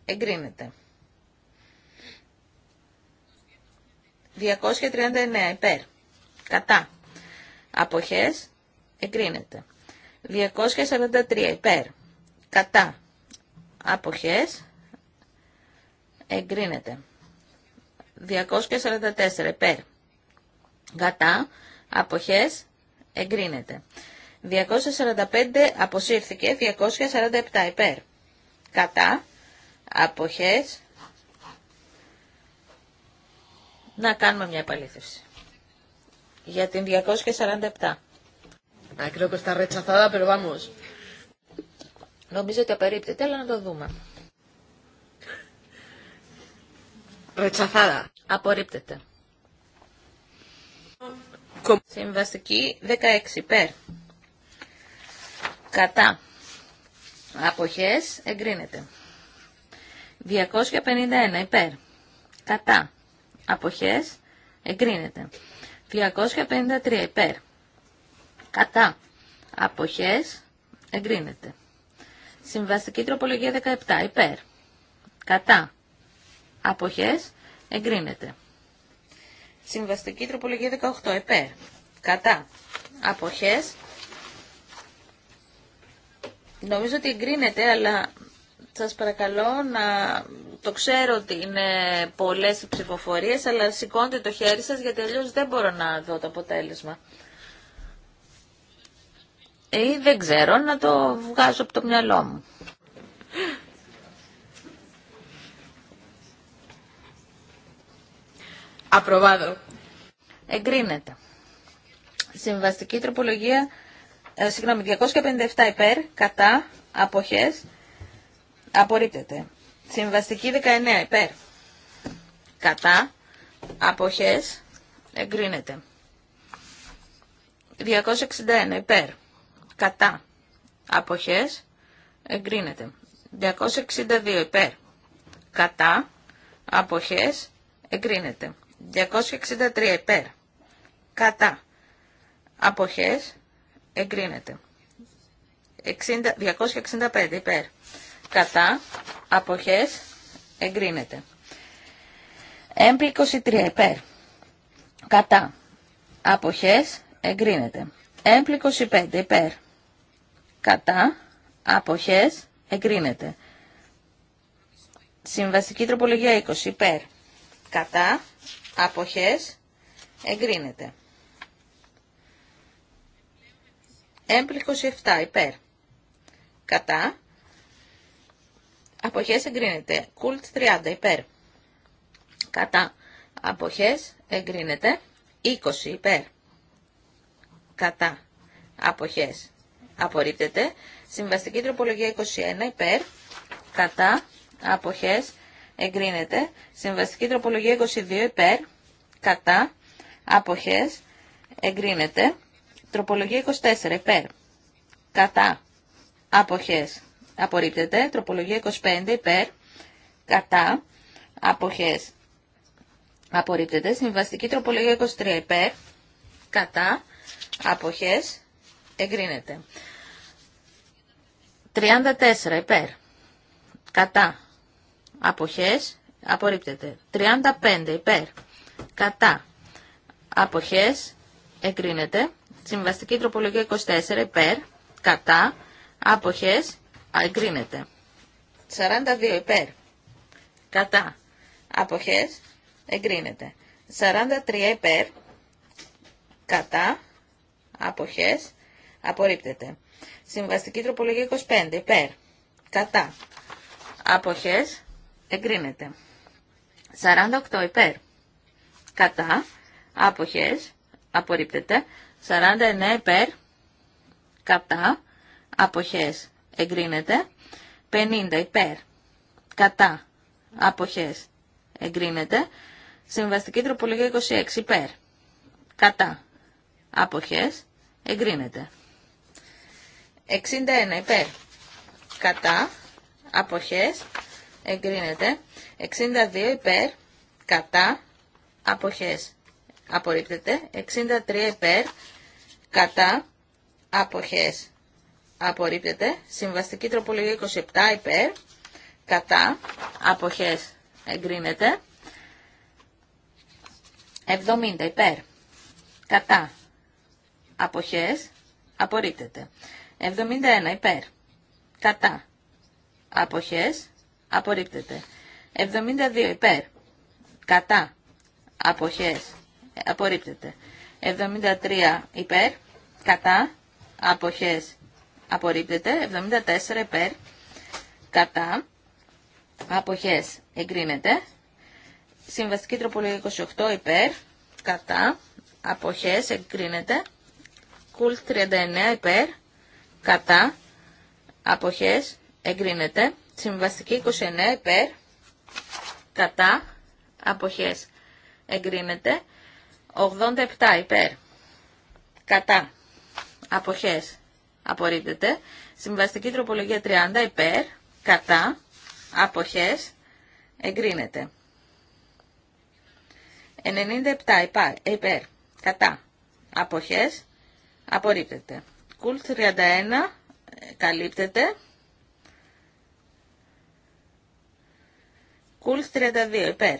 Εγκρίνεται. 239. Υπέρ. Κατά. Αποχές. Εγκρίνεται. 243. Υπέρ. Κατά. Αποχές εγκρίνεται. 244 υπέρ. Κατά, αποχές, εγκρίνεται. 245 αποσύρθηκε, 247 υπέρ. Κατά, αποχές, να κάνουμε μια επαλήθευση. Για την 247. Α, creo que está rechazada, pero vamos. Νομίζω ότι απερίπτεται, αλλά να το δούμε. Ρετσαθάδα. Απορρίπτεται. Συμβαστική 16 υπέρ. Κατά. Αποχές εγκρίνεται. 251 υπέρ. Κατά. Αποχές εγκρίνεται. 253 υπέρ. Κατά. Αποχές εγκρίνεται. Συμβαστική τροπολογία 17 υπέρ. Κατά. Αποχές. Εγκρίνεται. Συμβαστική τροπολογία 18. Επέ. Κατά. Αποχές. Νομίζω ότι εγκρίνεται, αλλά σας παρακαλώ να... Το ξέρω ότι είναι πολλές οι ψηφοφορίες, αλλά σηκώντε το χέρι σας, γιατί αλλιώ δεν μπορώ να δω το αποτέλεσμα. Ή ε, δεν ξέρω, να το βγάζω από το μυαλό μου. Απροβάδω. Εγκρίνεται. Συμβαστική τροπολογία, ε, συγγνώμη, 257 υπέρ, κατά, αποχές, απορρίπτεται. Συμβαστική 19 υπέρ, κατά, αποχές, εγκρίνεται. 261 υπέρ, κατά, αποχές, εγκρίνεται. 262 υπέρ, κατά, αποχές, εγκρίνεται. 263 υπέρ. Κατά. Αποχές. Εγκρίνεται. 60, 265 υπέρ. Κατά. Αποχές. Εγκρίνεται. Έμπλη 23 υπέρ. Κατά. Αποχές. Εγκρίνεται. Έμπλη 25 υπέρ. Κατά. Αποχές. Εγκρίνεται. Συμβαστική τροπολογία 20 υπέρ. Κατά αποχές εγκρίνεται. Έμπληκος 27 υπέρ. Κατά. Αποχές εγκρίνεται. Κουλτ 30 υπέρ. Κατά. Αποχές εγκρίνεται. 20 υπέρ. Κατά. Αποχές απορρίπτεται. Συμβαστική τροπολογία 21 υπέρ. Κατά. Αποχές εγκρίνεται. Συμβαστική τροπολογία 22 υπέρ, κατά, αποχές, εγκρίνεται. Τροπολογία 24 υπέρ, κατά, αποχές, απορρίπτεται. Τροπολογία 25 υπέρ, κατά, αποχές, απορρίπτεται. Συμβαστική τροπολογία 23 υπέρ, κατά, αποχές, εγκρίνεται. 34 υπέρ, κατά, Αποχές. Απορρίπτεται. 35 υπέρ. Κατά. Αποχές. Εγκρίνεται. Συμβαστική τροπολογία 24 υπέρ. Κατά. Αποχές. Εγκρίνεται. 42 υπέρ. Κατά. Αποχές. Εγκρίνεται. 43 υπέρ. Κατά. Αποχές. Απορρίπτεται. Συμβαστική τροπολογία 25 υπέρ. Κατά. Αποχές εγκρίνεται. 48 υπέρ, κατά, άποχες, απορρίπτεται. 49 υπέρ, κατά, άποχες, εγκρίνεται. 50 υπέρ, κατά, άποχες, εγκρίνεται. Συμβαστική τροπολογία 26 υπέρ, κατά, άποχες, εγκρίνεται. 61 υπέρ, κατά, αποχές, εγκρίνεται. 62 υπέρ, κατά, αποχές, απορρίπτεται. 63 υπέρ, κατά, αποχές, απορρίπτεται. Συμβαστική τροπολογία 27 υπέρ, κατά, αποχές, εγκρίνεται. 70 υπέρ, κατά, αποχές, απορρίπτεται. 71 υπέρ, κατά, αποχές, απορρίπτεται. 72 υπέρ, κατά, αποχές, απορρίπτεται. 73 υπέρ, κατά, αποχές, απορρίπτεται. 74 υπέρ, κατά, αποχές, εγκρίνεται. Συμβαστική τροπολογία 28 υπέρ, κατά, αποχές, εγκρίνεται. Κουλ 39 υπέρ, κατά, αποχές, εγκρίνεται. Συμβαστική 29 υπέρ, κατά, αποχές εγκρίνεται. 87 υπέρ, κατά, αποχές απορρίπτεται. Συμβαστική τροπολογία 30 υπέρ, κατά, αποχές εγκρίνεται. 97 υπέρ, κατά, αποχές απορρίπτεται. Κουλ 31 ε, καλύπτεται. Κουλτ 32 υπέρ.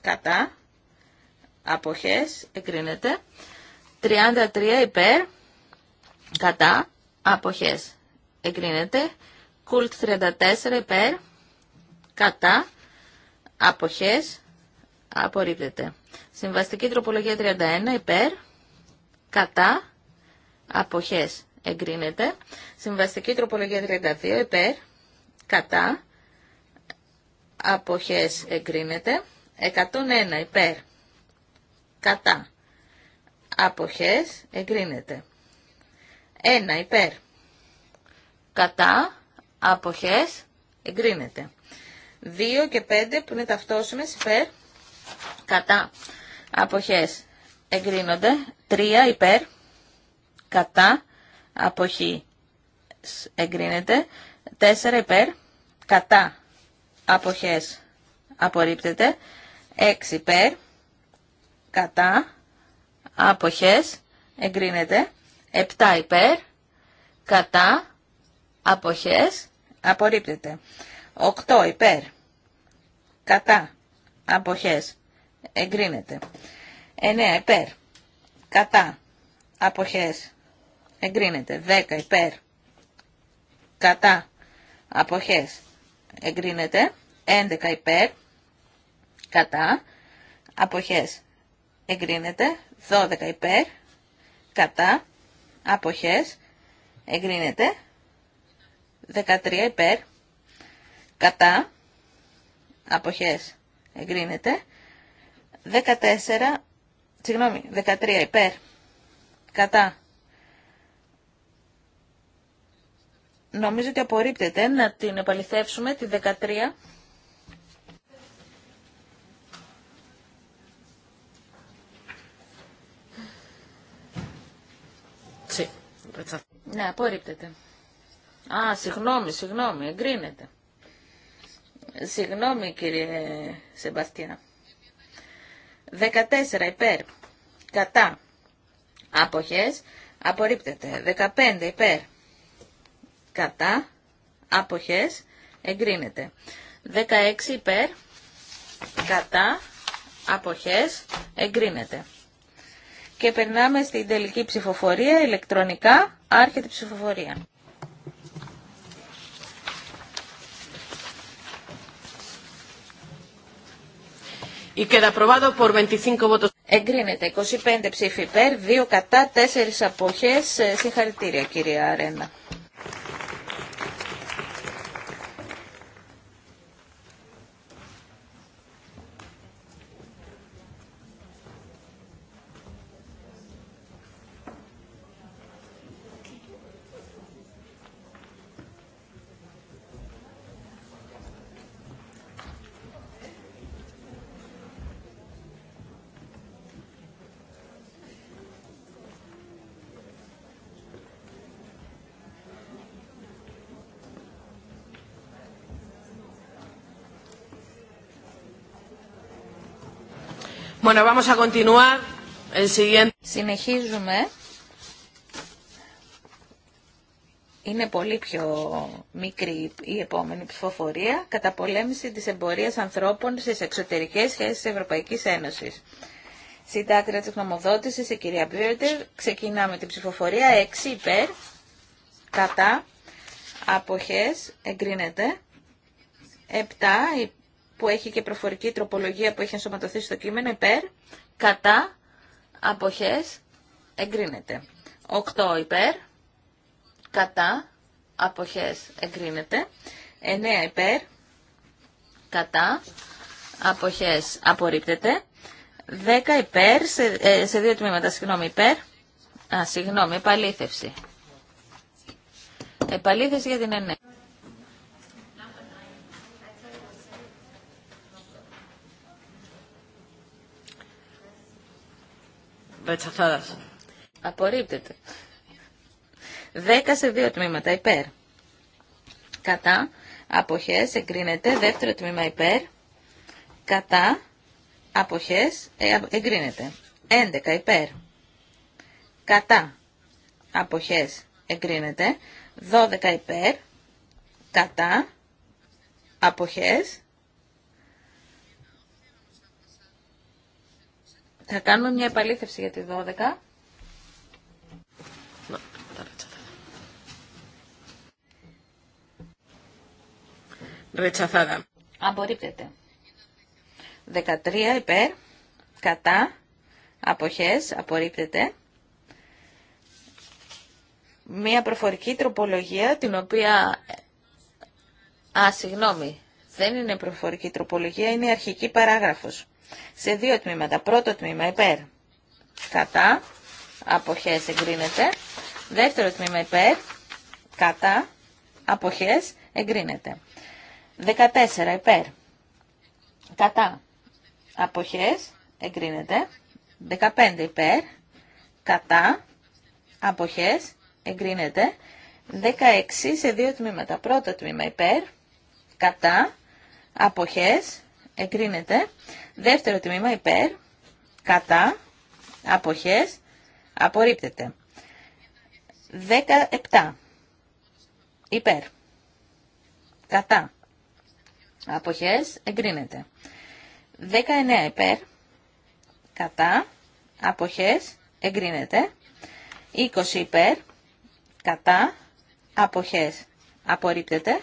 Κατά. Αποχές. Εγκρίνεται. 33 υπέρ. Κατά. Αποχές. Εγκρίνεται. Κουλτ 34 υπέρ. Κατά. Αποχές. Απορρίπτεται. Συμβαστική τροπολογία 31 υπέρ. Κατά. Αποχές. Εγκρίνεται. Συμβαστική τροπολογία 32 υπέρ. Κατά αποχές εγκρίνεται. 101 υπέρ κατά αποχές εγκρίνεται. 1 υπέρ κατά αποχές εγκρίνεται. 2 και 5 που είναι ταυτόσιμες υπέρ κατά αποχές εγκρίνονται. 3 υπέρ κατά αποχή εγκρίνεται. 4 υπέρ κατά αποχές απορρίπτεται. 6 υπέρ, κατά, αποχές εγκρίνεται. 7 υπέρ, κατά, αποχές απορρίπτεται. 8 υπέρ, κατά, αποχές εγκρίνεται. 9 υπέρ, κατά, αποχές εγκρίνεται. 10 υπέρ, κατά, αποχές εγκρίνεται. 11 υπέρ, κατά, αποχές εγκρίνεται. 12 υπέρ, κατά, αποχές εγκρίνεται. 13 υπέρ, κατά, αποχές εγκρίνεται. 14, συγγνώμη, 13 υπέρ, κατά, Νομίζω ότι απορρίπτεται να την επαληθεύσουμε τη 13. Ναι, απορρίπτεται. Α, συγγνώμη, συγγνώμη, εγκρίνεται. Συγγνώμη κύριε Σεμπαστιά. 14 υπέρ. Κατά. Αποχές. Απορρίπτεται. 15 υπέρ κατά, άποχες, εγκρίνεται. 16 υπέρ, κατά, αποχές, εγκρίνεται. Και περνάμε στην τελική ψηφοφορία, ηλεκτρονικά, άρχεται η ψηφοφορία. Εγκρίνεται 25 ψήφοι υπέρ, 2 κατά, 4 αποχές. Ε, συγχαρητήρια κυρία Αρένα. Bueno, vamos a continuar. El siguiente... Συνεχίζουμε. Είναι πολύ πιο μικρή η επόμενη ψηφοφορία. Καταπολέμηση της εμπορίας ανθρώπων στις εξωτερικές σχέσεις της Ευρωπαϊκής Ένωσης. Συντάκτρια της γνωμοδότησης, η κυρία Μπιόρτερ. Ξεκινάμε την ψηφοφορία. 6 υπέρ, κατά, αποχές, εγκρίνεται. 7 που έχει και προφορική τροπολογία που έχει ενσωματωθεί στο κείμενο υπέρ, κατά, αποχές, εγκρίνεται. 8 υπέρ, κατά, αποχές, εγκρίνεται. 9 υπέρ, κατά, αποχές, απορρίπτεται. 10 υπέρ, ε, σε, δύο τμήματα, συγγνώμη, υπέρ. Α, συγγνώμη, επαλήθευση. Επαλήθευση για την 9. Rechazadas. Απορρίπτεται. 10 σε 2 τμήματα υπέρ. Κατά. Κατά, εγκρίνεται. Δεύτερο τμήμα υπέρ. Κατά. Κατά, ε, εγκρίνεται. 11 υπέρ. Κατά. απόχέ, εγκρίνεται. 12 υπέρ. Κατά. Αποχές Θα κάνουμε μια επαλήθευση για τη 12. Ρετσαθάδα. Απορρίπτεται. 13 υπέρ, κατά, αποχές, απορρίπτεται. Μία προφορική τροπολογία, την οποία... Α, συγγνώμη, δεν είναι προφορική τροπολογία, είναι αρχική παράγραφος σε δύο τμήματα. Πρώτο τμήμα υπέρ κατά αποχές εγκρίνεται. Δεύτερο τμήμα υπέρ κατά αποχές εγκρίνεται. 14 υπέρ κατά αποχές εγκρίνεται. 15 υπέρ κατά αποχές εγκρίνεται. 16 σε δύο τμήματα. Πρώτο τμήμα υπέρ κατά αποχές εκρίνεται. Δεύτερο τμήμα υπέρ, κατά, αποχές, απορρίπτεται. 17. Υπέρ. Κατά. Αποχές εγκρίνεται. 19 υπέρ. Κατά. Αποχές εγκρίνεται. 20 υπέρ. Κατά. Αποχές απορρίπτεται.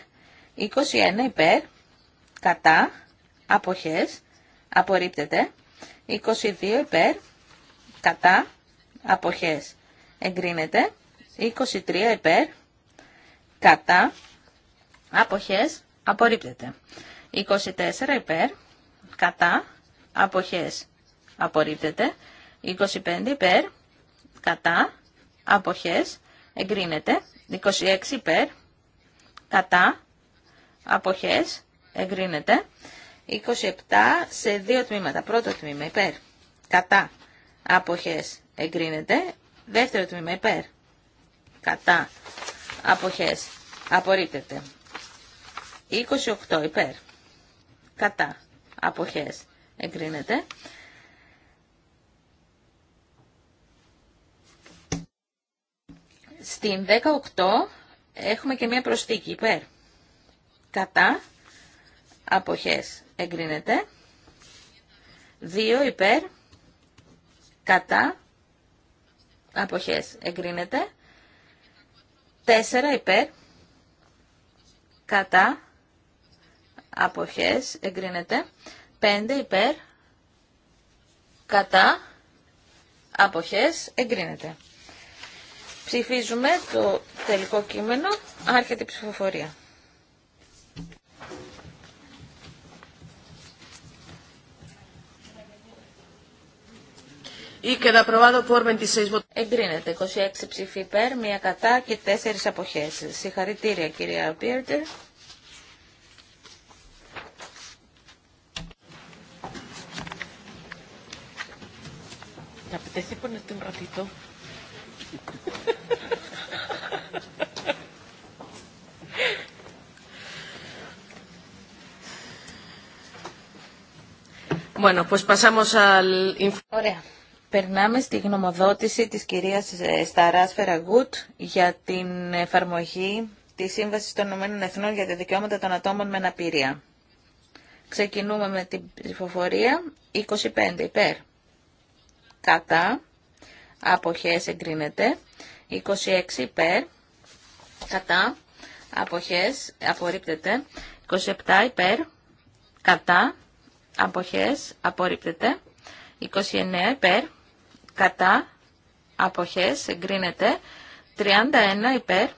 21 υπέρ. Κατά αποχές, απορρίπτεται. 22 υπέρ, κατά, αποχές, εγκρίνεται. 23 υπέρ, κατά, αποχές, απορρίπτεται. 24 υπέρ, κατά, αποχές, απορρίπτεται. 25 υπέρ, κατά, αποχές, εγκρίνεται. 26 υπέρ, κατά, αποχές, εγκρίνεται. 27 σε δύο τμήματα. Πρώτο τμήμα υπέρ. Κατά. Αποχές εγκρίνεται. Δεύτερο τμήμα υπέρ. Κατά. Αποχές απορρίπτεται. 28 υπέρ. Κατά. Αποχές εγκρίνεται. στην 18 έχουμε και μία προσθήκη υπέρ. Κατά αποχές εγκρίνεται. 2 υπέρ, κατά, αποχές εγκρίνεται. 4 υπέρ, κατά, αποχές εγκρίνεται. 5 υπέρ, κατά, αποχές εγκρίνεται. Ψηφίζουμε το τελικό κείμενο, άρχεται η ψηφοφορία. y queda aprobado por 26 votos. Εγκρίνεται 26 ψήφοι υπέρ, μία κατά και τέσσερις αποχές. Συγχαρητήρια κυρία Πίερτερ. ¿Te apetece ponerte un ratito? Bueno, pues pasamos al Ωραία. Περνάμε στη γνωμοδότηση της κυρίας ε, Σταράς Φεραγκούτ για την εφαρμογή της Σύμβασης των Ηνωμένων Εθνών για τα Δικαιώματα των Ατόμων με Αναπηρία. Ξεκινούμε με την ψηφοφορία 25 υπέρ. Κατά. Αποχές εγκρίνεται. 26 υπέρ. Κατά. Αποχές απορρίπτεται. 27 υπέρ. Κατά. Αποχές απορρίπτεται. 29 υπέρ κατά, αποχές, εγκρίνεται. 31 υπέρ,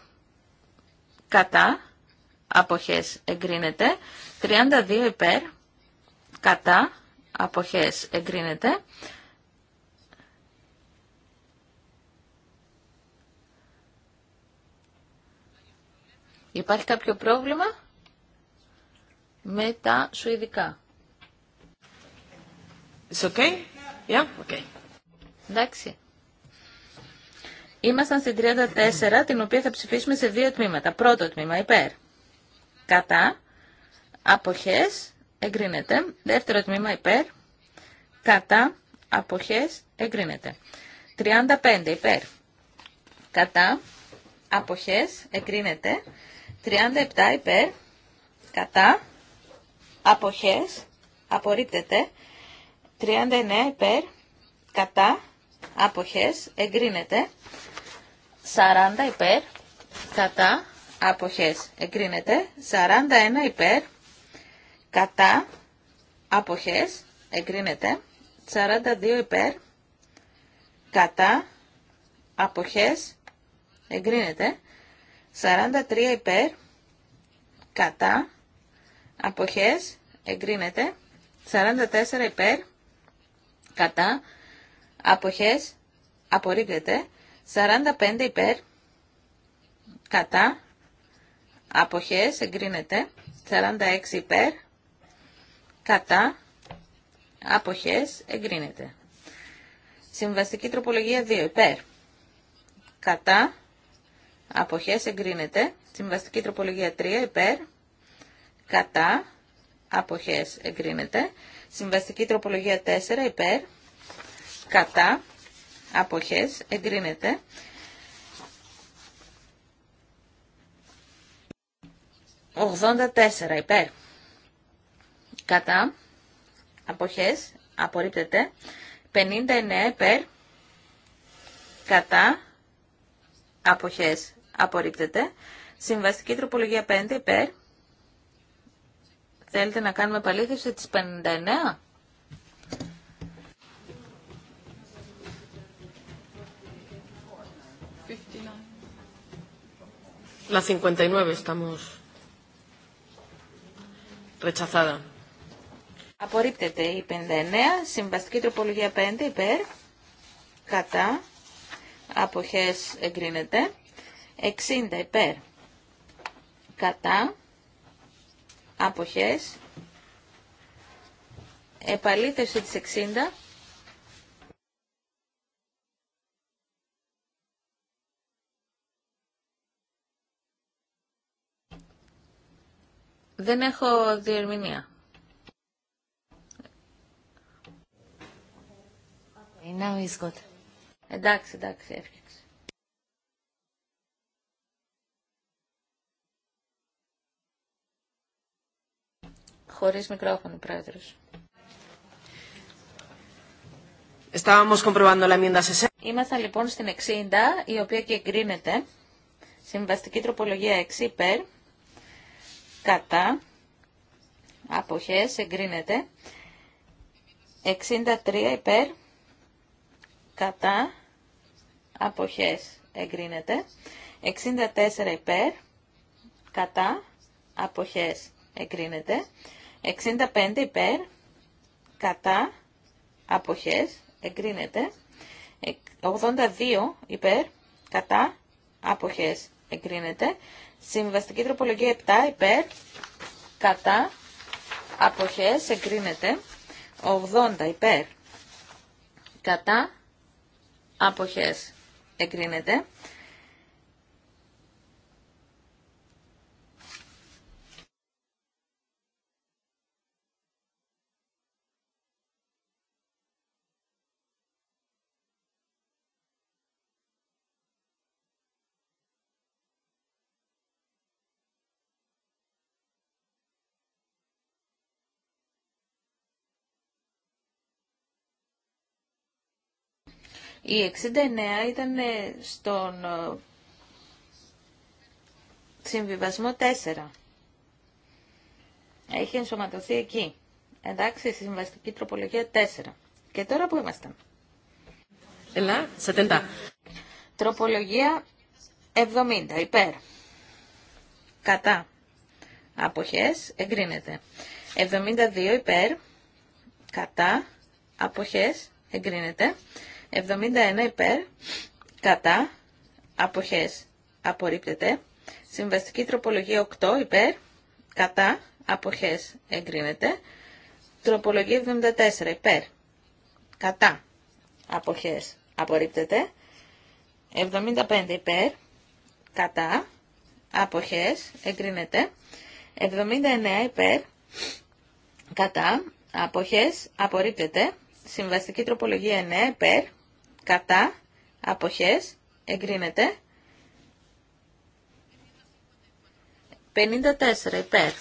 κατά, αποχές, εγκρίνεται. 32 υπέρ, κατά, αποχές, εγκρίνεται. Υπάρχει κάποιο πρόβλημα με τα σουηδικά. It's okay? Yeah, okay. Εντάξει. Ήμασταν στην 34, την οποία θα ψηφίσουμε σε δύο τμήματα. Πρώτο τμήμα, υπέρ. Κατά. Αποχές. Εγκρίνεται. Δεύτερο τμήμα, υπέρ. Κατά. Αποχές. Εγκρίνεται. 35, υπέρ. Κατά. Αποχές. Εγκρίνεται. 37, υπέρ. Κατά. Αποχές. Απορρίπτεται. 39, υπέρ. Κατά αποχές εγκρίνεται 40 υπέρ κατά αποχές εγκρίνεται 41 υπέρ κατά αποχές εγκρίνεται 42 υπέρ κατά αποχές εγκρίνεται 43 υπέρ κατά αποχές εγκρίνεται 44 υπέρ κατά αποχές απορρίπτεται 45 υπέρ κατά αποχές εγκρίνεται 46 υπέρ κατά αποχές εγκρίνεται συμβαστική τροπολογία 2 υπέρ κατά αποχές εγκρίνεται συμβαστική τροπολογία 3 υπέρ κατά αποχές εγκρίνεται συμβαστική τροπολογία 4 υπέρ κατά, αποχές, εγκρίνεται. 84 τέσσερα υπέρ, κατά, αποχές, απορρίπτεται. 59 υπέρ, κατά, αποχές, απορρίπτεται. Συμβαστική τροπολογία 5 υπέρ. Θέλετε να κάνουμε παλήθευση της 59. La 59 estamos rechazada. Απορρίπτεται η 59, συμβαστική τροπολογία 5, υπέρ, κατά, αποχές εγκρίνεται, 60 υπέρ, κατά, αποχές, επαλήθευση της 60, Δεν έχω διερμηνία. Now good. Εντάξει, εντάξει, έφτιαξε. Χωρίς μικρόφωνο, πρόεδρος. Είμαστε λοιπόν στην 60, η οποία και εγκρίνεται. Συμβαστική τροπολογία 6 υπέρ, κατά, αποχές, εγκρίνεται. 63 υπέρ, κατά, αποχές, εγκρίνεται. 64 υπέρ, κατά, αποχές, εγκρίνεται. 65 υπέρ, κατά, αποχές, εγκρίνεται. 82 υπέρ, κατά, αποχές, εγκρίνεται. Συμβαστική τροπολογία 7 υπέρ, κατά, αποχές, εγκρίνεται. 80 υπέρ, κατά, αποχές, εγκρίνεται. Η 69 ήταν ε, στον ε, συμβιβασμό 4. Έχει ενσωματωθεί εκεί. Εντάξει, συμβαστική τροπολογία 4. Και τώρα που είμαστε. Ελά, 70. Τροπολογία 70, υπέρ. Κατά. Αποχές, εγκρίνεται. 72 υπέρ. Κατά. Αποχές, εγκρίνεται. 71 υπέρ, κατά, αποχές, απορρίπτεται. Συμβαστική τροπολογία 8 υπέρ, κατά, αποχές, εγκρίνεται. Τροπολογία 74 υπέρ, κατά, αποχές, απορρίπτεται. 75 υπέρ, κατά, αποχές, εγκρίνεται. 79 υπέρ, κατά, αποχές, απορρίπτεται. Συμβαστική τροπολογία 9 υπέρ, κατά, αποχές, εγκρίνεται. 54 υπέρ,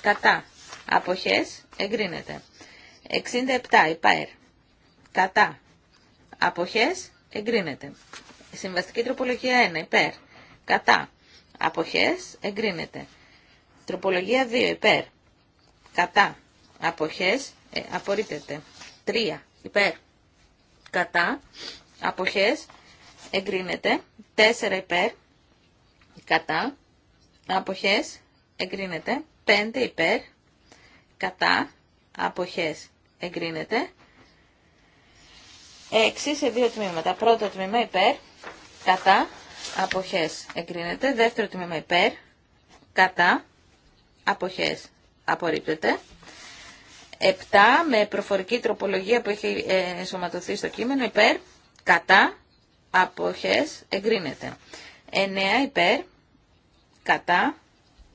κατά, αποχές, εγκρίνεται. 67 υπέρ, κατά, αποχές, εγκρίνεται. Συμβαστική τροπολογία 1 υπέρ, κατά, αποχές, εγκρίνεται. Τροπολογία 2 υπέρ, κατά, αποχές, ε, απορρίπτεται. 3 υπέρ, κατά, αποχές εγκρίνεται 4 υπέρ κατά αποχές εγκρίνεται 5 υπέρ κατά αποχές εγκρίνεται 6 σε δύο τμήματα πρώτο τμήμα υπέρ κατά αποχές εγκρίνεται δεύτερο τμήμα υπέρ κατά αποχές απορρίπτεται 7 με προφορική τροπολογία που έχει ε, ενσωματωθεί στο κείμενο υπέρ κατά, αποχές, εγκρίνεται. 9 υπέρ, κατά,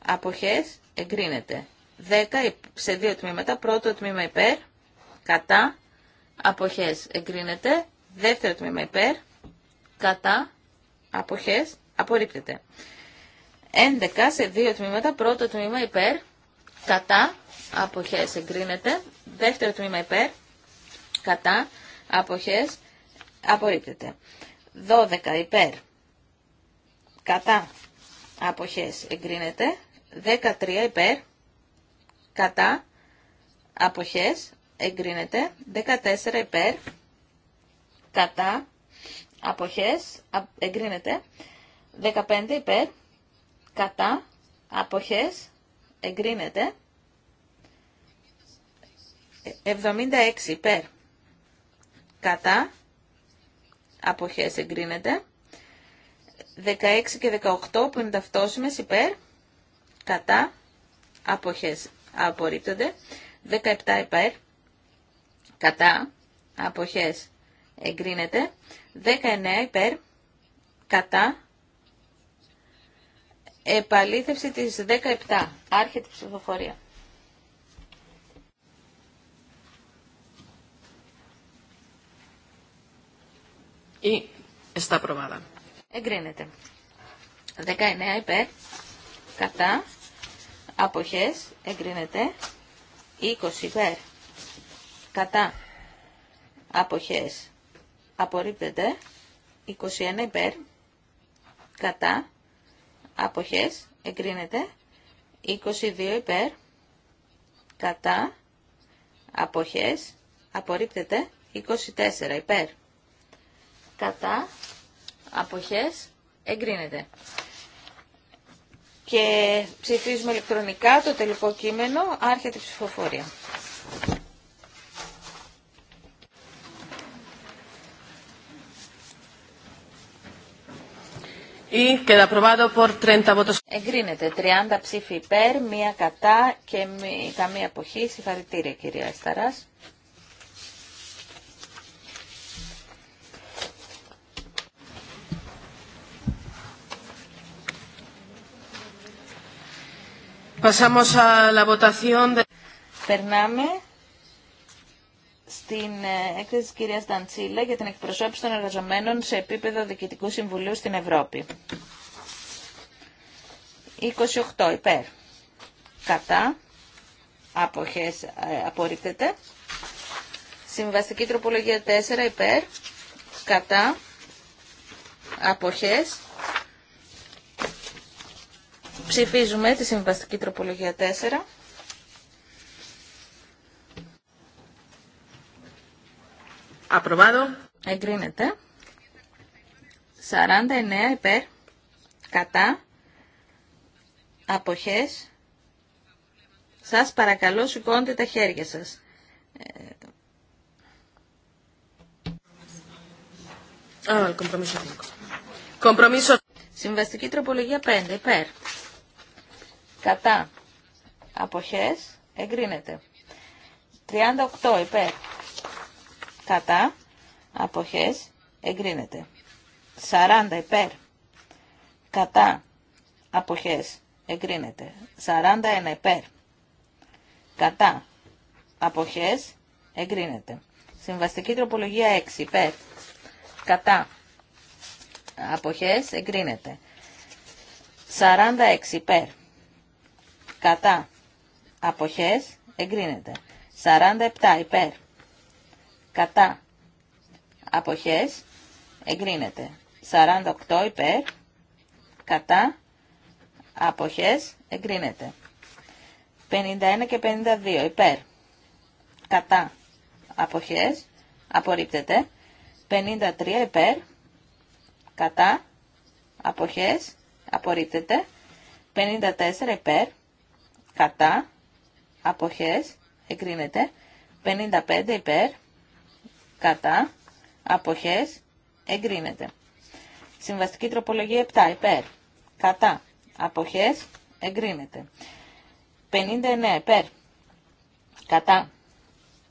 αποχές, εγκρίνεται. 10 σε δύο τμήματα, πρώτο τμήμα υπέρ, κατά, αποχές, εγκρίνεται. Δεύτερο τμήμα υπέρ, κατά, αποχές, απορρίπτεται. 11 σε δύο τμήματα, πρώτο τμήμα υπέρ, κατά, αποχές εγκρίνεται, δεύτερο τμήμα υπέρ, κατά, αποχές απορρίπτεται. 12 υπέρ κατά αποχές εγκρίνεται. 13 υπέρ κατά αποχές εγκρίνεται. 14 υπέρ κατά αποχές εγκρίνεται. 15 υπέρ κατά αποχές εγκρίνεται. 76 υπέρ κατά αποχές εγκρίνεται. 16 και 18 που είναι ταυτόσιμες υπέρ, κατά, αποχές απορρίπτονται. 17 υπέρ, κατά, αποχές εγκρίνεται. 19 υπέρ, κατά, επαλήθευση της 17, άρχεται ψηφοφορία. ή εστά προβάδα. Εγκρίνεται. 19 υπέρ, κατά, αποχές, εγκρίνεται. 20 υπέρ, κατά, αποχές, απορρίπτεται. 21 υπέρ, κατά, αποχές, εγκρίνεται. 22 υπέρ, κατά, αποχές, απορρίπτεται. 24 υπέρ, κατά, αποχές, εγκρίνεται. Και ψηφίζουμε ηλεκτρονικά το τελικό κείμενο, άρχεται η ψηφοφορία. Εγκρίνεται 30 ψήφοι υπέρ, μία κατά και καμία αποχή. Συγχαρητήρια κυρία Εσταράς. Pasamos a la votación de... Περνάμε στην ε, έκθεση της κυρίας Ταντσίλα για την εκπροσώπηση των εργαζομένων σε επίπεδο Διοικητικού Συμβουλίου στην Ευρώπη. 28 υπέρ. Κατά. Αποχές ε, απορρίπτεται. Συμβαστική τροπολογία 4 υπέρ. Κατά. Αποχές Ψηφίζουμε τη συμβαστική τροπολογία 4. Απροβάδο. Εγκρίνεται. 49 υπέρ. Κατά. Αποχές. Σας παρακαλώ σηκώντε τα χέρια σας. Συμβαστική τροπολογία 5 υπέρ κατά αποχές εγκρίνεται. 38 υπέρ κατά αποχές εγκρίνεται. 40 υπέρ κατά αποχές εγκρίνεται. 41 υπέρ κατά αποχές εγκρίνεται. Συμβαστική τροπολογία 6 υπέρ κατά αποχές εγκρίνεται. 46 υπέρ κατά αποχές εγκρίνεται. 47 υπέρ κατά αποχές εγκρίνεται. 48 υπέρ κατά αποχές εγκρίνεται. 51 και 52 υπέρ κατά αποχές απορρίπτεται. 53 υπέρ κατά αποχές απορρίπτεται. 54 υπέρ κατά, αποχές, εγκρίνεται. 55 υπέρ, κατά, αποχές, εγκρίνεται. Συμβαστική τροπολογία 7 υπέρ, κατά, αποχές, εγκρίνεται. 59 υπέρ, κατά,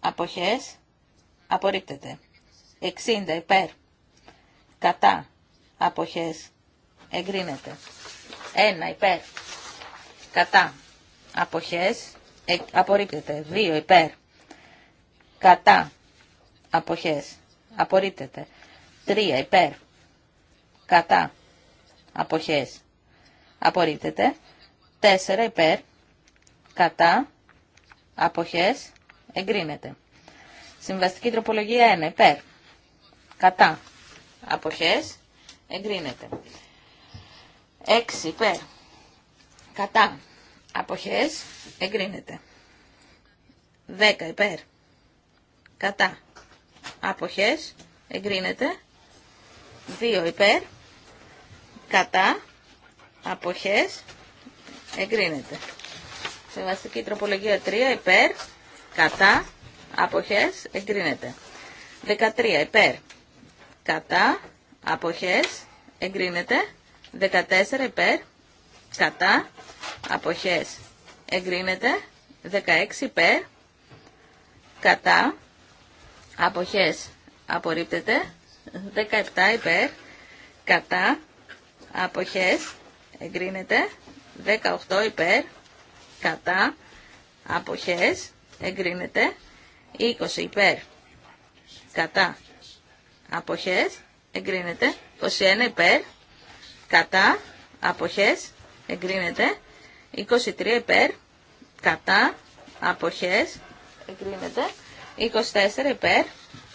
αποχές, απορρίπτεται. 60 υπέρ, κατά, αποχές, εγκρίνεται. 1 υπέρ, κατά, αποχές ε, απορρίπτεται. 2 υπέρ κατά αποχές απορρίπτεται. 3 υπέρ κατά αποχές απορρίπτεται. 4 υπέρ κατά αποχές εγκρίνεται. Συμβαστική τροπολογία 1 υπέρ κατά αποχές εγκρίνεται. 6 υπέρ κατά Αποχές εγκρίνεται. 10 υπέρ. Κατά. Αποχές εγκρίνεται. 2 υπέρ. Κατά. Αποχές εγκρίνεται. Σεβαστική τροπολογία 3 υπέρ. Κατά. Αποχές εγκρίνεται. 13 υπέρ. Κατά. Αποχές εγκρίνεται. 14 υπέρ. Κατά αποχές εγκρίνεται 16 υπέρ κατά αποχές απορρίπτεται 17 υπέρ κατά αποχές εγκρίνεται 18 υπέρ κατά αποχές εγκρίνεται 20 υπέρ κατά αποχές εγκρίνεται 21 υπέρ κατά αποχές εγκρίνεται 23 υπέρ, κατά, αποχές, εγκρίνεται. 24 υπέρ,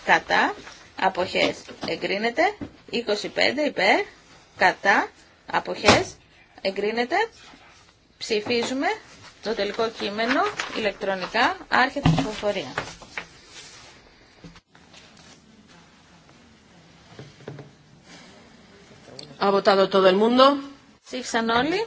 κατά, αποχές, εγκρίνεται. 25 υπέρ, κατά, αποχές, εγκρίνεται. Ψηφίζουμε το τελικό κείμενο ηλεκτρονικά, άρχεται η ψηφοφορία. Ha votado todo el Ψήφισαν όλοι.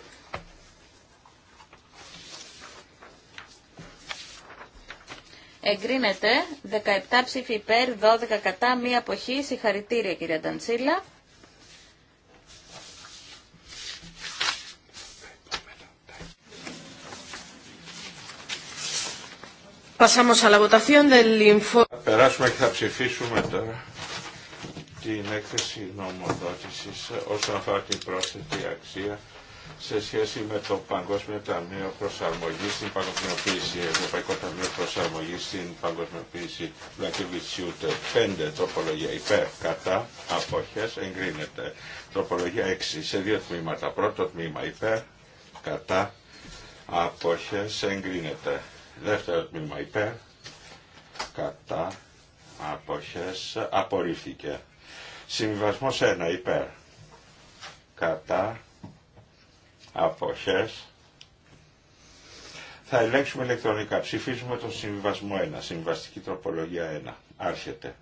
Εγκρίνεται 17 ψήφοι υπέρ, 12 κατά, μία αποχή. Συγχαρητήρια κυρία Νταντσίλα. Θα περάσουμε και θα ψηφίσουμε τώρα την έκθεση νομοδότησης όσον αφορά την πρόσθετη αξία σε σχέση με το Παγκόσμιο Ταμείο Προσαρμογής στην Παγκοσμιοποίηση, Ευρωπαϊκό Ταμείο Προσαρμογής στην Παγκοσμιοποίηση Βλακεβιτσιούτε. Πέντε Τροπολογία υπέρ, κατά, αποχές, εγκρίνεται. Τροπολογία 6. Σε δύο τμήματα. Πρώτο τμήμα υπέρ, κατά, αποχές, εγκρίνεται. Δεύτερο τμήμα υπέρ, κατά, αποχές, απορρίφθηκε. Συμβιβασμός 1 υπέρ, κατά, αποχές. Θα ελέγξουμε ηλεκτρονικά. Ψηφίζουμε τον συμβιβασμό 1, συμβιβαστική τροπολογία 1. Άρχεται.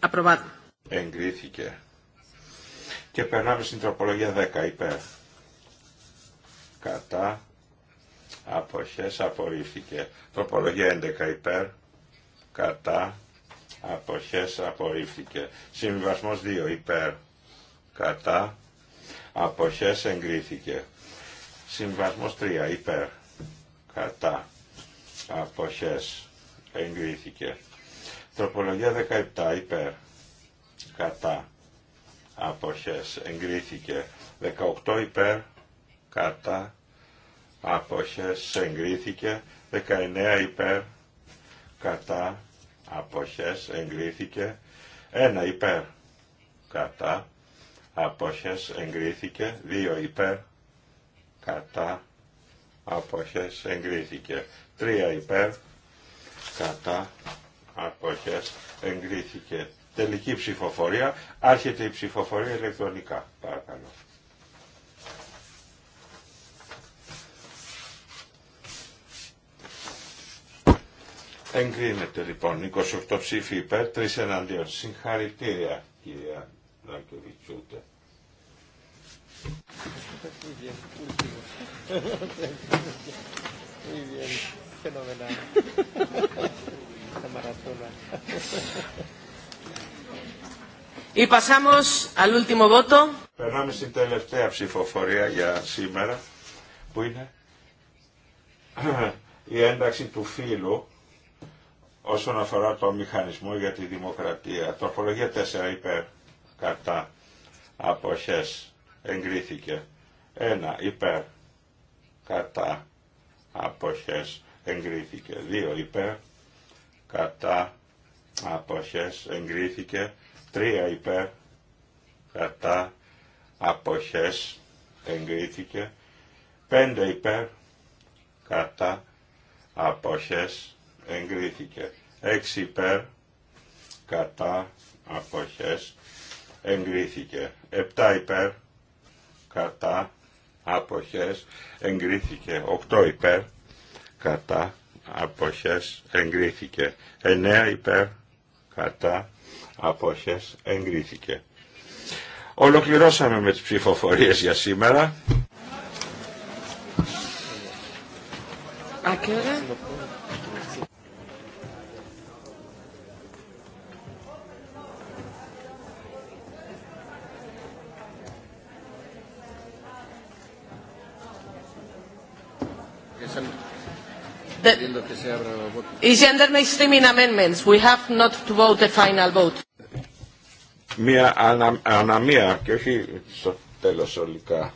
Απροβάτω. Εγκρίθηκε. Και περνάμε στην τροπολογία 10, υπέρ. Κατά. Αποχές απορρίφθηκε. Τροπολογία 11 υπέρ. Κατά. Αποχές απορρίφθηκε. Συμβιβασμός 2 υπέρ. Κατά αποχές εγκρίθηκε. Συμβασμός 3 υπέρ κατά αποχές εγκρίθηκε. Τροπολογία 17 υπέρ κατά αποχές εγκρίθηκε. 18 υπέρ κατά αποχές εγκρίθηκε. 19 υπέρ κατά αποχές εγκρίθηκε. 1 υπέρ κατά αποχές εγκρίθηκε. Δύο υπέρ κατά αποχές εγκρίθηκε. Τρία υπέρ κατά αποχές εγκρίθηκε. Τελική ψηφοφορία. Άρχεται η ψηφοφορία ηλεκτρονικά. Παρακαλώ. Εγκρίνεται λοιπόν 28 ψήφοι υπέρ, 3 εναντίον. Συγχαρητήρια κυρία anche ricciute. La maratona. Περνάμε στην τελευταία ψηφοφορία για σήμερα, που είναι η ένταξη του φύλου όσον αφορά το μηχανισμό για τη δημοκρατία. Τροπολογία 4 υπέρ κατά αποχές εγκρίθηκε 1 υπέρ κατά αποχές εγκρίθηκε 2 υπέρ κατά αποχές εγκρίθηκε 3 υπέρ κατά αποχές εγκρίθηκε 5 υπέρ κατά αποχές εγκρίθηκε 6 υπέρ κατά αποχές εγκρίθηκε. 7 υπέρ, κατά, αποχές, εγκρίθηκε. 8 υπέρ, κατά, αποχές, εγκρίθηκε. 9 υπέρ, κατά, αποχές, εγκρίθηκε. Ολοκληρώσαμε με τις ψηφοφορίες για σήμερα. Α, Μία ανα, αναμία και όχι στο τέλο. ολικά.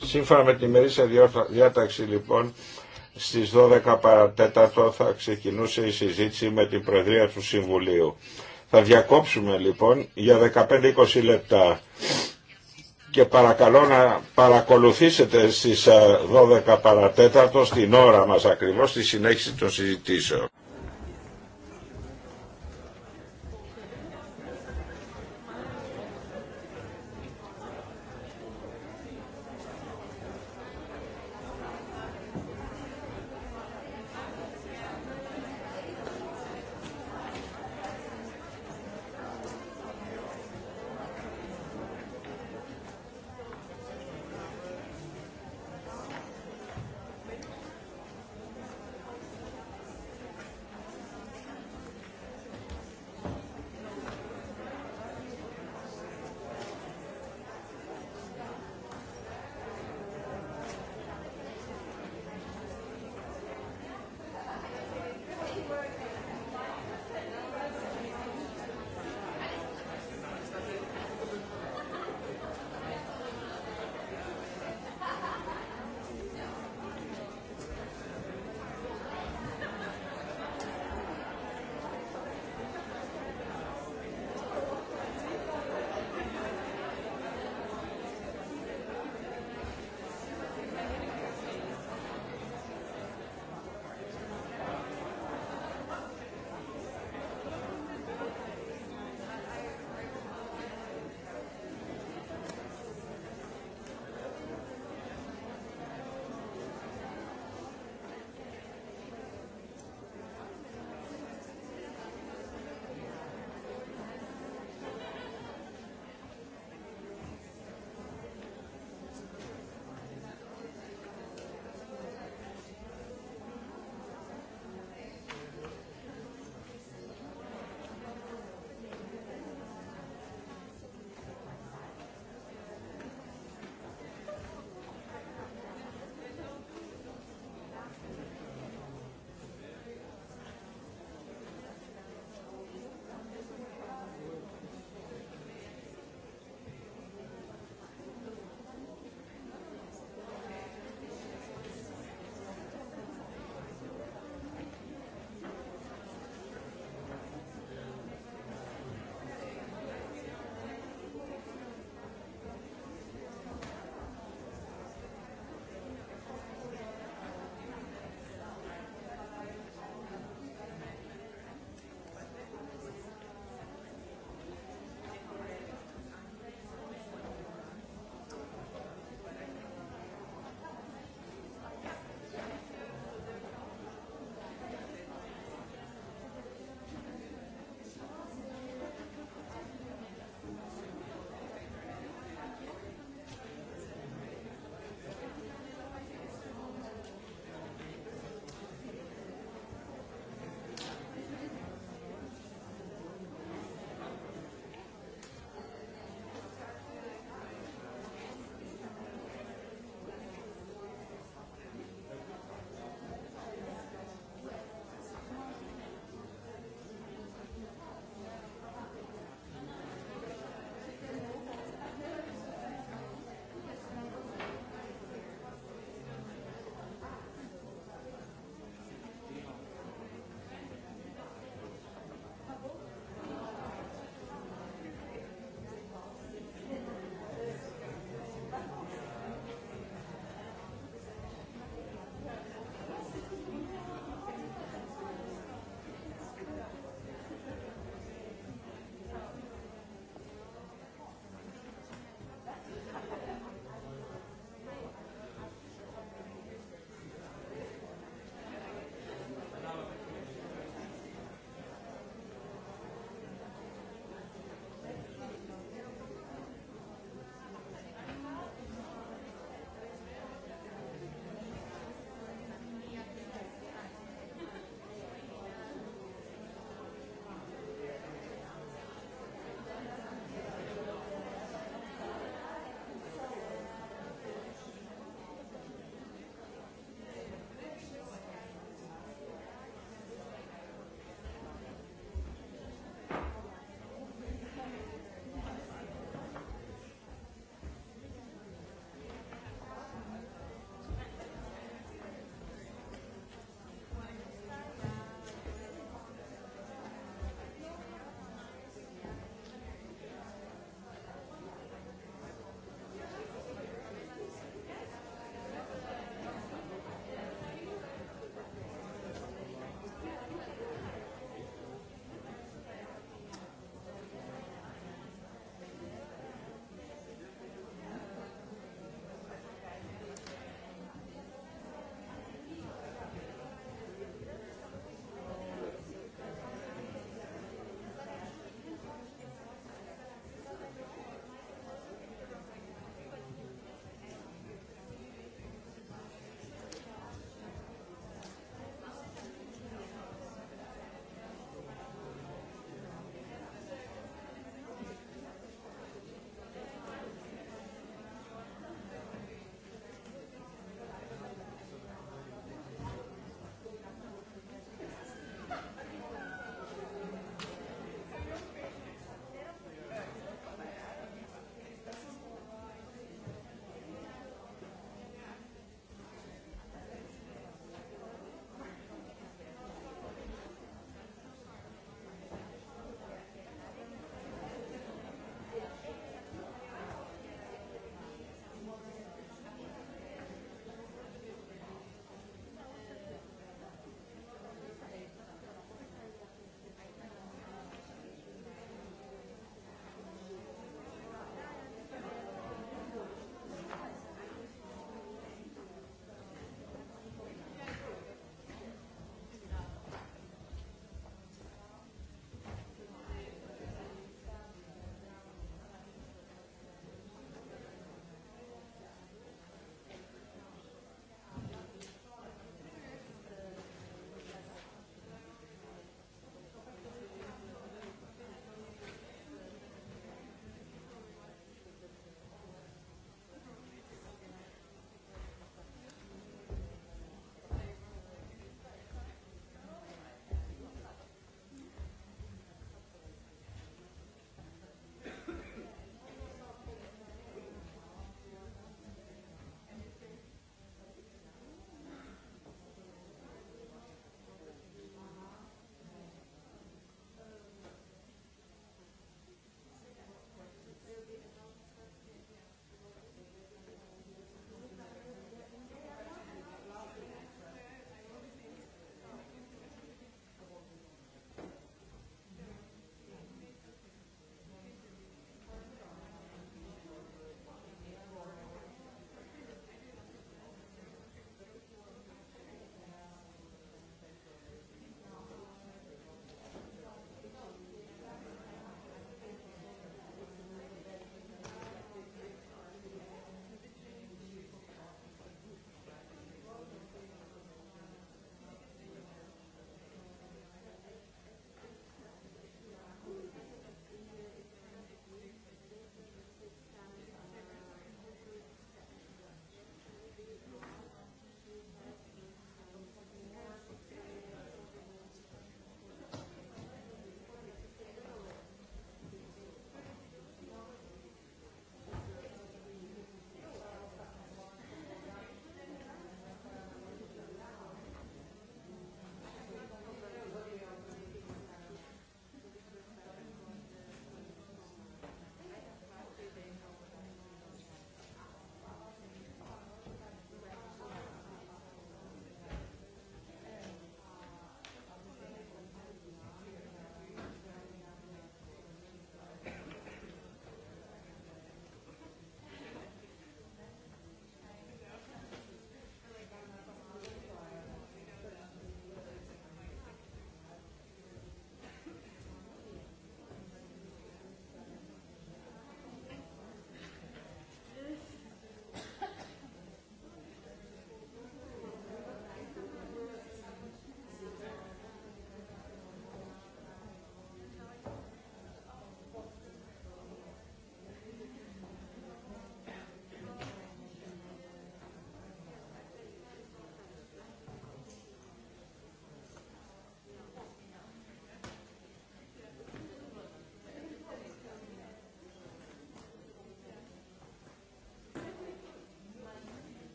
Σύμφωνα με τη μερίσια διάταξη λοιπόν, στις 12 παρατέταρτο θα ξεκινούσε η συζήτηση με την Προεδρία του Συμβουλίου. Θα διακόψουμε λοιπόν για 15-20 λεπτά και παρακαλώ να παρακολουθήσετε στις 12 ε, παρατέταρτο στην ώρα μας ακριβώς στη συνέχιση των συζητήσεων.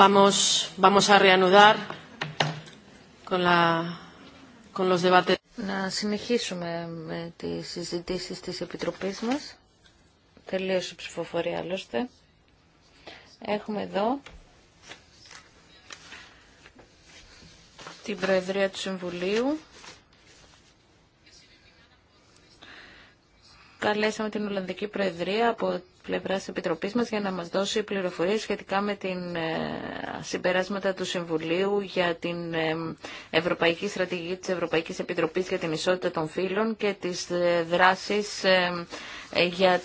Vamos, vamos a reanudar con, la, con los debates. Να συνεχίσουμε με τις συζητήσεις της Επιτροπής μας. Τελείωσε η ψηφοφορία άλλωστε. Έχουμε εδώ την Προεδρία του Συμβουλίου. καλέσαμε την Ολλανδική Προεδρία από πλευρά τη Επιτροπή μα για να μα δώσει πληροφορίε σχετικά με την ε, συμπεράσματα του Συμβουλίου για την ε, Ευρωπαϊκή Στρατηγική τη Ευρωπαϊκή Επιτροπή για την Ισότητα των Φύλων και τι ε, δράσει για,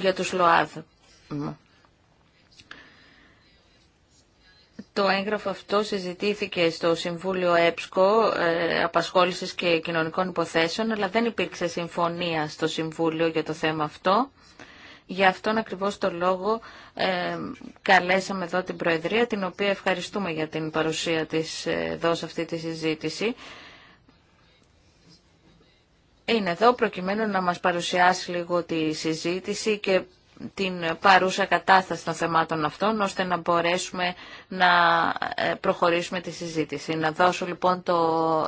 για τους ΛΟΑΔ. Το έγγραφο αυτό συζητήθηκε στο Συμβούλιο ΕΠΣΚΟ ε, Απασχόλησης και Κοινωνικών Υποθέσεων, αλλά δεν υπήρξε συμφωνία στο Συμβούλιο για το θέμα αυτό. Γι' αυτόν ακριβώς το λόγο ε, καλέσαμε εδώ την Προεδρία, την οποία ευχαριστούμε για την παρουσία της ε, εδώ σε αυτή τη συζήτηση. Είναι εδώ προκειμένου να μας παρουσιάσει λίγο τη συζήτηση και την παρούσα κατάσταση των θεμάτων αυτών, ώστε να μπορέσουμε να ε, προχωρήσουμε τη συζήτηση. Να δώσω λοιπόν το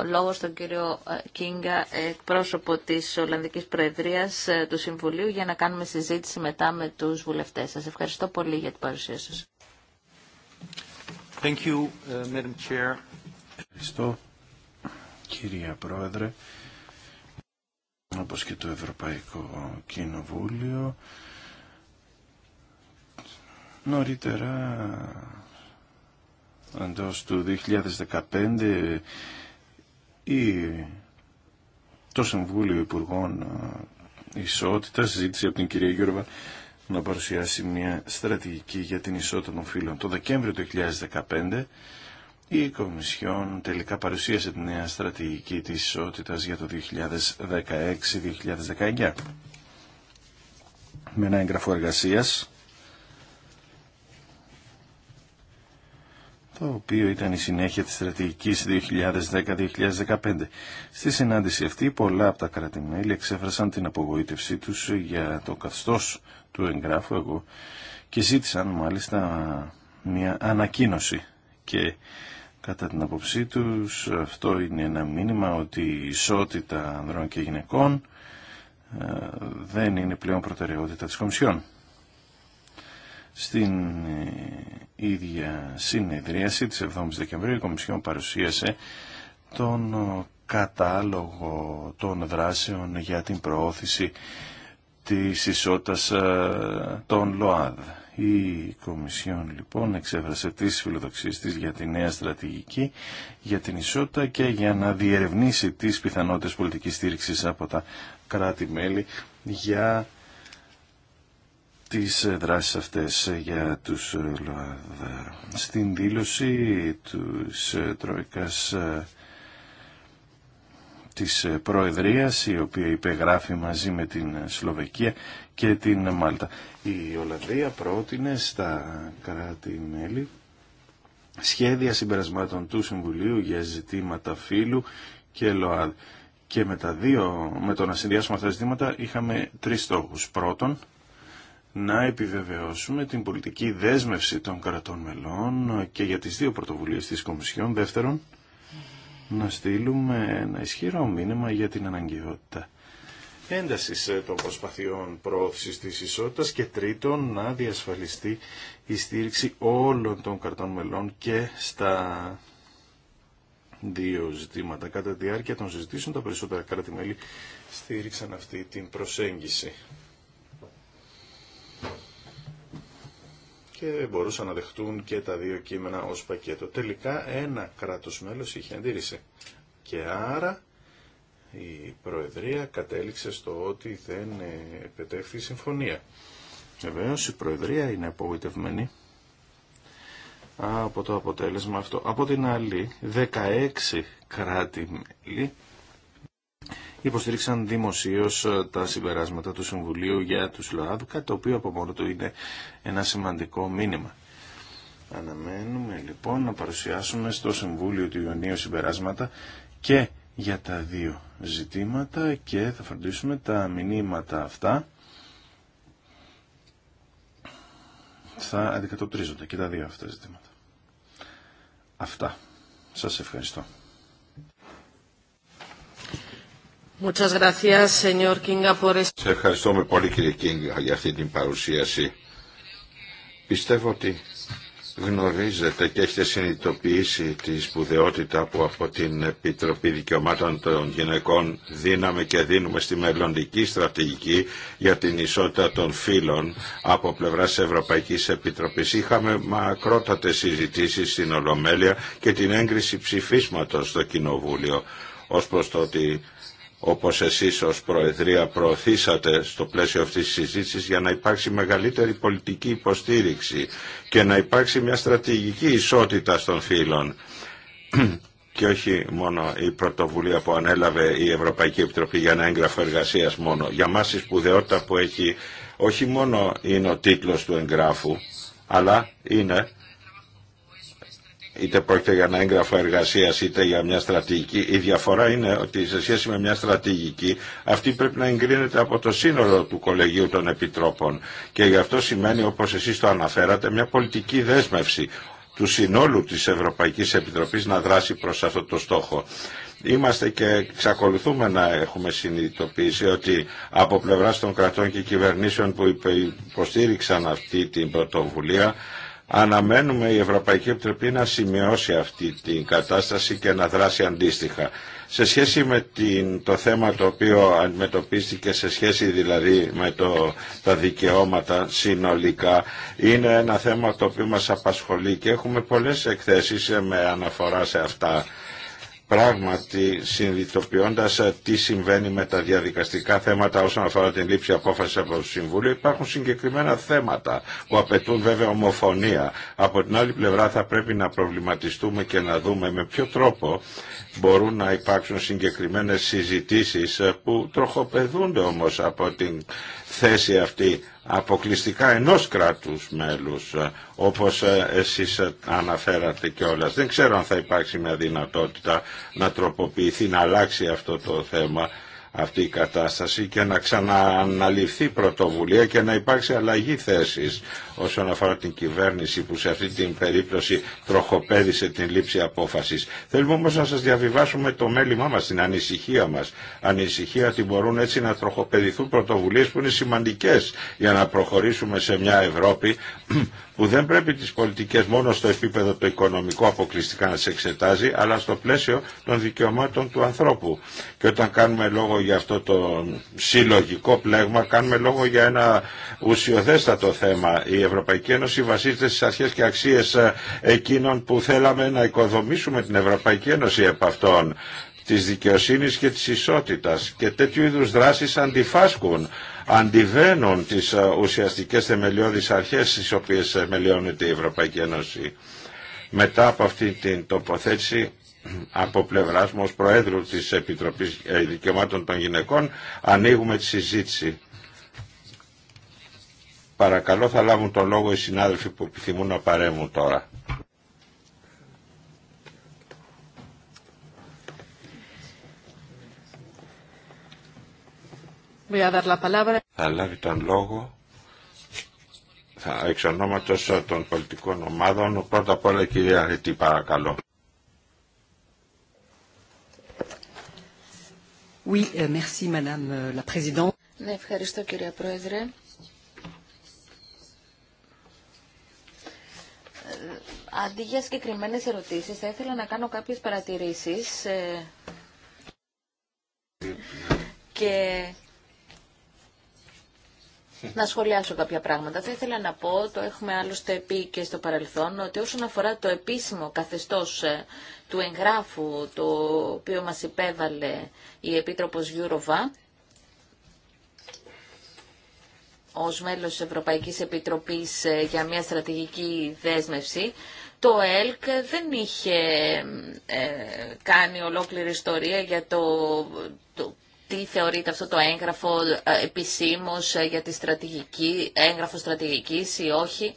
λόγο στον κύριο ε, Κίνγκα, εκπρόσωπο της Ολλανδικής Προεδρίας ε, του Συμβουλίου, για να κάνουμε συζήτηση μετά με τους βουλευτές. Σας ευχαριστώ πολύ για την παρουσία σας. Thank you, Madam Chair. Ευχαριστώ, κυρία Πρόεδρε, όπως και το Ευρωπαϊκό Κοινοβούλιο. Νωρίτερα, εντός του 2015, η... το Συμβούλιο Υπουργών ε, Ισότητας ζήτησε από την κυρία Γιώργα να παρουσιάσει μια στρατηγική για την ισότητα των φύλων. Το Δεκέμβριο του 2015 η Κομισιόν τελικά παρουσίασε τη νέα στρατηγική της ισότητας για το 2016-2019 με ένα έγγραφο εργασίας το οποίο ήταν η συνέχεια της στρατηγικής 2010-2015. Στη συνάντηση αυτή πολλά από τα κράτη-μέλη εξέφρασαν την απογοήτευσή τους για το καθστώς του εγγράφου εγώ και ζήτησαν μάλιστα μια ανακοίνωση και κατά την απόψή τους αυτό είναι ένα μήνυμα ότι η ισότητα ανδρών και γυναικών ε, δεν είναι πλέον προτεραιότητα της Κομισιόν. Στην ε, ίδια συνεδρίαση της 7ης Δεκεμβρίου η Κομισιόν παρουσίασε τον ε, κατάλογο των δράσεων για την προώθηση της ισότητας ε, των ΛΟΑΔ. Η Κομισιόν λοιπόν εξέφρασε τις φιλοδοξίες της για τη νέα στρατηγική, για την ισότητα και για να διερευνήσει τις πιθανότητες πολιτικής στήριξης από τα κράτη-μέλη για τις ε, δράσεις αυτές ε, για τους ε, ΛΟΑΔ. Στην δήλωση της Τροϊκάς της Προεδρίας, η οποία υπεγράφει μαζί με την Σλοβεκία και την Μάλτα. Η Ολλανδία πρότεινε στα κράτη-μέλη σχέδια συμπερασμάτων του Συμβουλίου για ζητήματα φύλου και ΛΟΑΔ. Και με, τα δύο, με το να συνδυάσουμε αυτά τα ζητήματα είχαμε τρεις στόχους. Πρώτον, να επιβεβαιώσουμε την πολιτική δέσμευση των κρατών μελών και για τις δύο πρωτοβουλίες της Κομισιόν. Δεύτερον, να στείλουμε ένα ισχυρό μήνυμα για την αναγκαιότητα ένταση ε, των προσπαθειών προώθησης της ισότητας και τρίτον, να διασφαλιστεί η στήριξη όλων των κρατών μελών και στα δύο ζητήματα. Κατά τη διάρκεια των συζητήσεων, τα περισσότερα κράτη-μέλη στήριξαν αυτή την προσέγγιση. και μπορούσαν να δεχτούν και τα δύο κείμενα ως πακέτο. Τελικά ένα κράτος μέλος είχε αντίρρηση και άρα η Προεδρία κατέληξε στο ότι δεν επετέχθη η συμφωνία. Βεβαίω η Προεδρία είναι απογοητευμένη από το αποτέλεσμα αυτό. Από την άλλη, 16 κράτη-μέλη υποστήριξαν δημοσίω ε, τα συμπεράσματα του Συμβουλίου για του ΛΟΑΔ, κάτι το οποίο από μόνο του είναι ένα σημαντικό μήνυμα. Αναμένουμε λοιπόν να παρουσιάσουμε στο Συμβούλιο του Ιωνίου συμπεράσματα και για τα δύο ζητήματα και θα φροντίσουμε τα μηνύματα αυτά θα αντικατοπτρίζονται και τα δύο αυτά ζητήματα. Αυτά. Σας ευχαριστώ. Muchas Σε ευχαριστούμε πολύ κύριε Κίνγκα για αυτή την παρουσίαση. Πιστεύω ότι γνωρίζετε και έχετε συνειδητοποιήσει τη σπουδαιότητα που από την Επιτροπή Δικαιωμάτων των Γυναικών δίναμε και δίνουμε στη μελλοντική στρατηγική για την ισότητα των φύλων από πλευράς Ευρωπαϊκής Επιτροπής. Είχαμε μακρότατες συζητήσεις στην Ολομέλεια και την έγκριση ψηφίσματος στο Κοινοβούλιο ως προς το ότι όπως εσείς ως Προεδρία προωθήσατε στο πλαίσιο αυτής της συζήτησης για να υπάρξει μεγαλύτερη πολιτική υποστήριξη και να υπάρξει μια στρατηγική ισότητα των φύλων (clears throat) και όχι μόνο η πρωτοβουλία που ανέλαβε η Ευρωπαϊκή Επιτροπή για ένα έγγραφο εργασίας μόνο. Για μας η σπουδαιότητα που έχει όχι μόνο είναι ο τίτλος του εγγράφου αλλά είναι είτε πρόκειται για ένα έγγραφο εργασίας είτε για μια στρατηγική. Η διαφορά είναι ότι σε σχέση με μια στρατηγική αυτή πρέπει να εγκρίνεται από το σύνολο του Κολεγίου των Επιτρόπων και γι' αυτό σημαίνει όπως εσείς το αναφέρατε μια πολιτική δέσμευση του συνόλου της Ευρωπαϊκής Επιτροπής να δράσει προς αυτό το στόχο. Είμαστε και εξακολουθούμε να έχουμε συνειδητοποιήσει ότι από πλευράς των κρατών και κυβερνήσεων που υποστήριξαν αυτή την πρωτοβουλία Αναμένουμε η Ευρωπαϊκή Επιτροπή να σημειώσει αυτή την κατάσταση και να δράσει αντίστοιχα. Σε σχέση με την, το θέμα το οποίο αντιμετωπίστηκε, σε σχέση δηλαδή με το, τα δικαιώματα συνολικά, είναι ένα θέμα το οποίο μας απασχολεί και έχουμε πολλές εκθέσεις με αναφορά σε αυτά πράγματι συνειδητοποιώντας ε, τι συμβαίνει με τα διαδικαστικά θέματα όσον αφορά την λήψη απόφαση από το Συμβούλιο υπάρχουν συγκεκριμένα θέματα που απαιτούν βέβαια ομοφωνία. Από την άλλη πλευρά θα πρέπει να προβληματιστούμε και να δούμε με ποιο τρόπο μπορούν να υπάρξουν συγκεκριμένες συζητήσεις ε, που τροχοπεδούνται όμως από την θέση αυτή αποκλειστικά ενός κράτους μέλους ε, όπως ε, εσείς αναφέρατε κιόλα. Δεν ξέρω αν θα υπάρξει μια δυνατότητα να τροποποιηθεί, να αλλάξει αυτό το θέμα αυτή η κατάσταση και να ξανααναλυφθεί πρωτοβουλία και να υπάρξει αλλαγή θέσης όσον αφορά την κυβέρνηση που σε αυτή την περίπτωση τροχοπέδησε την λήψη απόφασης. Θέλουμε όμως να σας διαβιβάσουμε το μέλημά μας, την ανησυχία μας. Ανησυχία ότι μπορούν έτσι να τροχοπεδηθούν πρωτοβουλίες που είναι σημαντικές για να προχωρήσουμε σε μια Ευρώπη (clears throat) που δεν πρέπει τις πολιτικές μόνο στο επίπεδο το οικονομικό αποκλειστικά να σε εξετάζει, αλλά στο πλαίσιο των δικαιωμάτων του ανθρώπου. Και όταν κάνουμε λόγο για αυτό το συλλογικό πλέγμα, κάνουμε λόγο για ένα ουσιοδέστατο θέμα. Η Ευρωπαϊκή Ένωση βασίζεται στις αρχές και αξίες ε, εκείνων που θέλαμε να οικοδομήσουμε την Ευρωπαϊκή Ένωση επ' αυτών της δικαιοσύνης και της ισότητας και τέτοιου είδους δράσεις αντιφάσκουν αντιβαίνουν τις ε, ουσιαστικές θεμελιώδεις αρχές στις οποίες θεμελιώνεται η Ευρωπαϊκή Ένωση. Μετά από αυτή την τοποθέτηση από πλευράς μου Προέδρου της Επιτροπής ε, Δικαιωμάτων των Γυναικών ανοίγουμε τη συζήτηση Παρακαλώ θα λάβουν τον λόγο οι συνάδελφοι που επιθυμούν να παρέμουν τώρα. Θα λάβει τον λόγο εξ ονόματος ε, των πολιτικών ομάδων. Πρώτα απ' όλα κυρία Αρετή, παρακαλώ. Oui, euh, merci, Madame euh, la Ναι, ευχαριστώ κυρία Πρόεδρε. αντί για συγκεκριμένε ερωτήσει, θα ήθελα να κάνω κάποιες παρατηρήσεις ε, και να σχολιάσω κάποια πράγματα. Θα ήθελα να πω, το έχουμε άλλωστε πει και στο παρελθόν, ότι όσον αφορά το επίσημο καθεστώς ε, του εγγράφου το οποίο μας υπέβαλε η Επίτροπος Γιούροβα, ως μέλος της Ευρωπαϊκής Επιτροπής ε, για μια στρατηγική δέσμευση, το ΕΛΚ δεν είχε ε, κάνει ολόκληρη ιστορία για το, το τι θεωρείται αυτό το έγγραφο ε, επισήμως για τη στρατηγική, έγγραφο στρατηγικής ή όχι.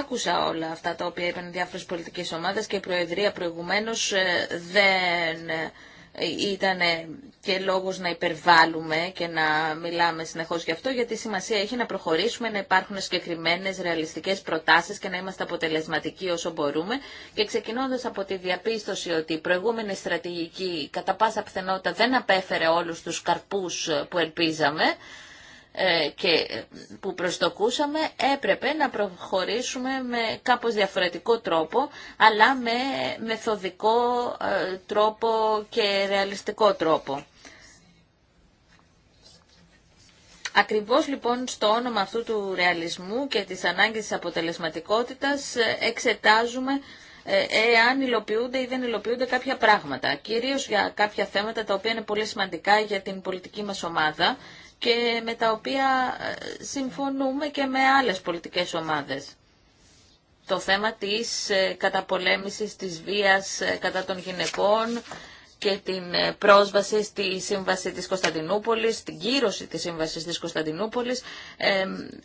Άκουσα όλα αυτά τα οποία είπαν διάφορες πολιτικές ομάδες και η Προεδρία προηγουμένως δεν ήταν και λόγος να υπερβάλλουμε και να μιλάμε συνεχώς γι' αυτό, γιατί σημασία έχει να προχωρήσουμε, να υπάρχουν συγκεκριμένε ρεαλιστικές προτάσεις και να είμαστε αποτελεσματικοί όσο μπορούμε. Και ξεκινώντας από τη διαπίστωση ότι η προηγούμενη στρατηγική κατά πάσα πιθανότητα δεν απέφερε όλους τους καρπούς που ελπίζαμε, ε, που προστοκούσαμε έπρεπε να προχωρήσουμε με κάπως διαφορετικό τρόπο αλλά με μεθοδικό ε, τρόπο και ρεαλιστικό τρόπο. Ακριβώς λοιπόν στο όνομα αυτού του ρεαλισμού και της ανάγκης της αποτελεσματικότητας ε, εξετάζουμε εάν υλοποιούνται ή δεν υλοποιούνται κάποια πράγματα, κυρίως για κάποια θέματα τα οποία είναι πολύ σημαντικά για την πολιτική μας ομάδα και με τα οποία ε, συμφωνούμε και με άλλες πολιτικές ομάδες. Το θέμα της ε, καταπολέμησης της βίας ε, κατά των γυναικών και την πρόσβαση στη Σύμβαση της Κωνσταντινούπολης, την κύρωση της Σύμβασης της Κωνσταντινούπολης.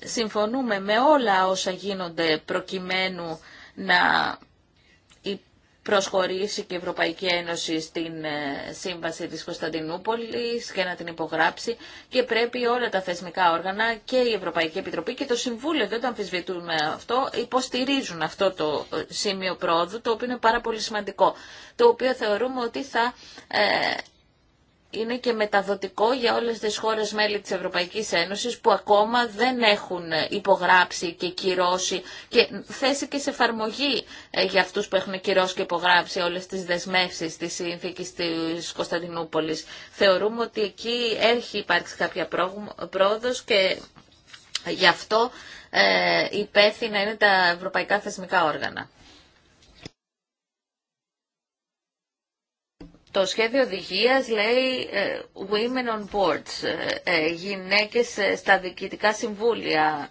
συμφωνούμε με όλα όσα γίνονται προκειμένου να προσχωρήσει και η Ευρωπαϊκή Ένωση στην ε, Σύμβαση της Κωνσταντινούπολης και να την υπογράψει και πρέπει όλα τα θεσμικά όργανα και η Ευρωπαϊκή Επιτροπή και το Συμβούλιο δεν το αμφισβητούμε αυτό, υποστηρίζουν αυτό το ε, σημείο πρόοδου το οποίο είναι πάρα πολύ σημαντικό, το οποίο θεωρούμε ότι θα ε, είναι και μεταδοτικό για όλες τις χώρες μέλη της Ευρωπαϊκής Ένωσης που ακόμα δεν έχουν υπογράψει και κυρώσει και θέσει και σε εφαρμογή ε, για αυτούς που έχουν κυρώσει και υπογράψει όλες τις δεσμεύσεις της Σύνθηκης της Κωνσταντινούπολης. Θεωρούμε ότι εκεί έχει υπάρξει κάποια πρόοδος και γι' αυτό ε, υπεύθυνα είναι τα ευρωπαϊκά θεσμικά όργανα. Το σχέδιο οδηγίας λέει ε, Women on Boards, ε, ε, γυναίκες στα διοικητικά συμβούλια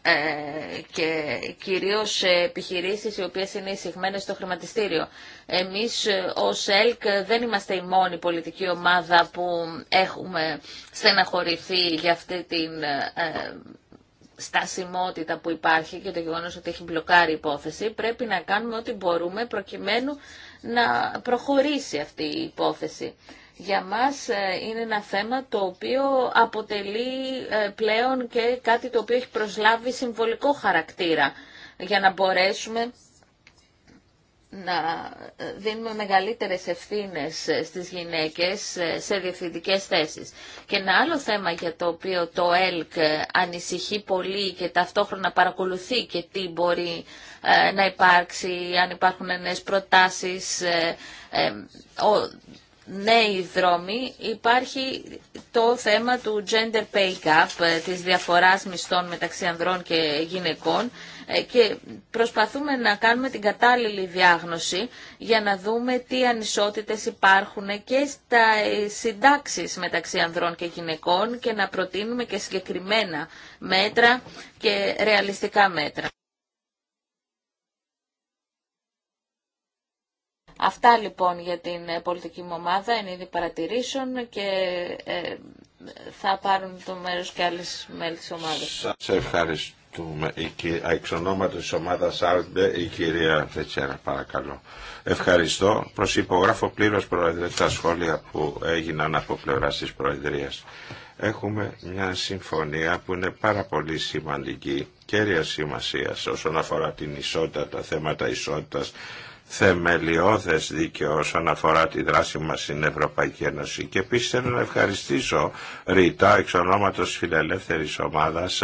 και κυρίως επιχειρήσεις οι οποίες είναι εισηγμένες στο χρηματιστήριο. Εμείς ως ΕΛΚ δεν είμαστε η μόνη πολιτική ομάδα που έχουμε στεναχωρηθεί για αυτή την στασιμότητα που υπάρχει και το γεγονός ότι έχει μπλοκάρει η υπόθεση. Πρέπει να κάνουμε ό,τι μπορούμε προκειμένου να προχωρήσει αυτή η υπόθεση. Για μας ε, είναι ένα θέμα το οποίο αποτελεί ε, πλέον και κάτι το οποίο έχει προσλάβει συμβολικό χαρακτήρα για να μπορέσουμε να ε, δίνουμε μεγαλύτερες ευθύνες ε, στις γυναίκες ε, σε διευθυντικές θέσεις. Και ένα άλλο θέμα για το οποίο το ΕΛΚ ανησυχεί πολύ και ταυτόχρονα παρακολουθεί και τι μπορεί να υπάρξει, αν υπάρχουν νέες προτάσεις, νέοι δρόμοι υπάρχει το θέμα του gender pay gap, ε, της διαφοράς μισθών μεταξύ ανδρών και γυναικών ε, και προσπαθούμε να κάνουμε την κατάλληλη διάγνωση για να δούμε τι ανισότητες υπάρχουν και στα ε, συντάξεις μεταξύ ανδρών και γυναικών και να προτείνουμε και συγκεκριμένα μέτρα και ρεαλιστικά μέτρα. Αυτά λοιπόν για την ε, πολιτική μου ομάδα είναι ήδη παρατηρήσεων και ε, θα πάρουν το μέρος και άλλες μέλη της ομάδας. Σας ευχαριστούμε. Εξ ονόματος της ομάδας η κυρία Θετσέρα παρακαλώ. Ευχαριστώ. Προσυπογράφω πλήρως πρόεδρε τα σχόλια που έγιναν από πλευρά της Προεδρίας. Έχουμε μια συμφωνία που είναι πάρα πολύ σημαντική, κέρια σημασία όσον αφορά την ισότητα, τα θέματα ισότητας θεμελιώδες δίκαιο όσον αφορά τη δράση μας στην Ευρωπαϊκή Ένωση. Και επίσης θέλω να ευχαριστήσω ρητά εξ ονόματος φιλελεύθερης ομάδας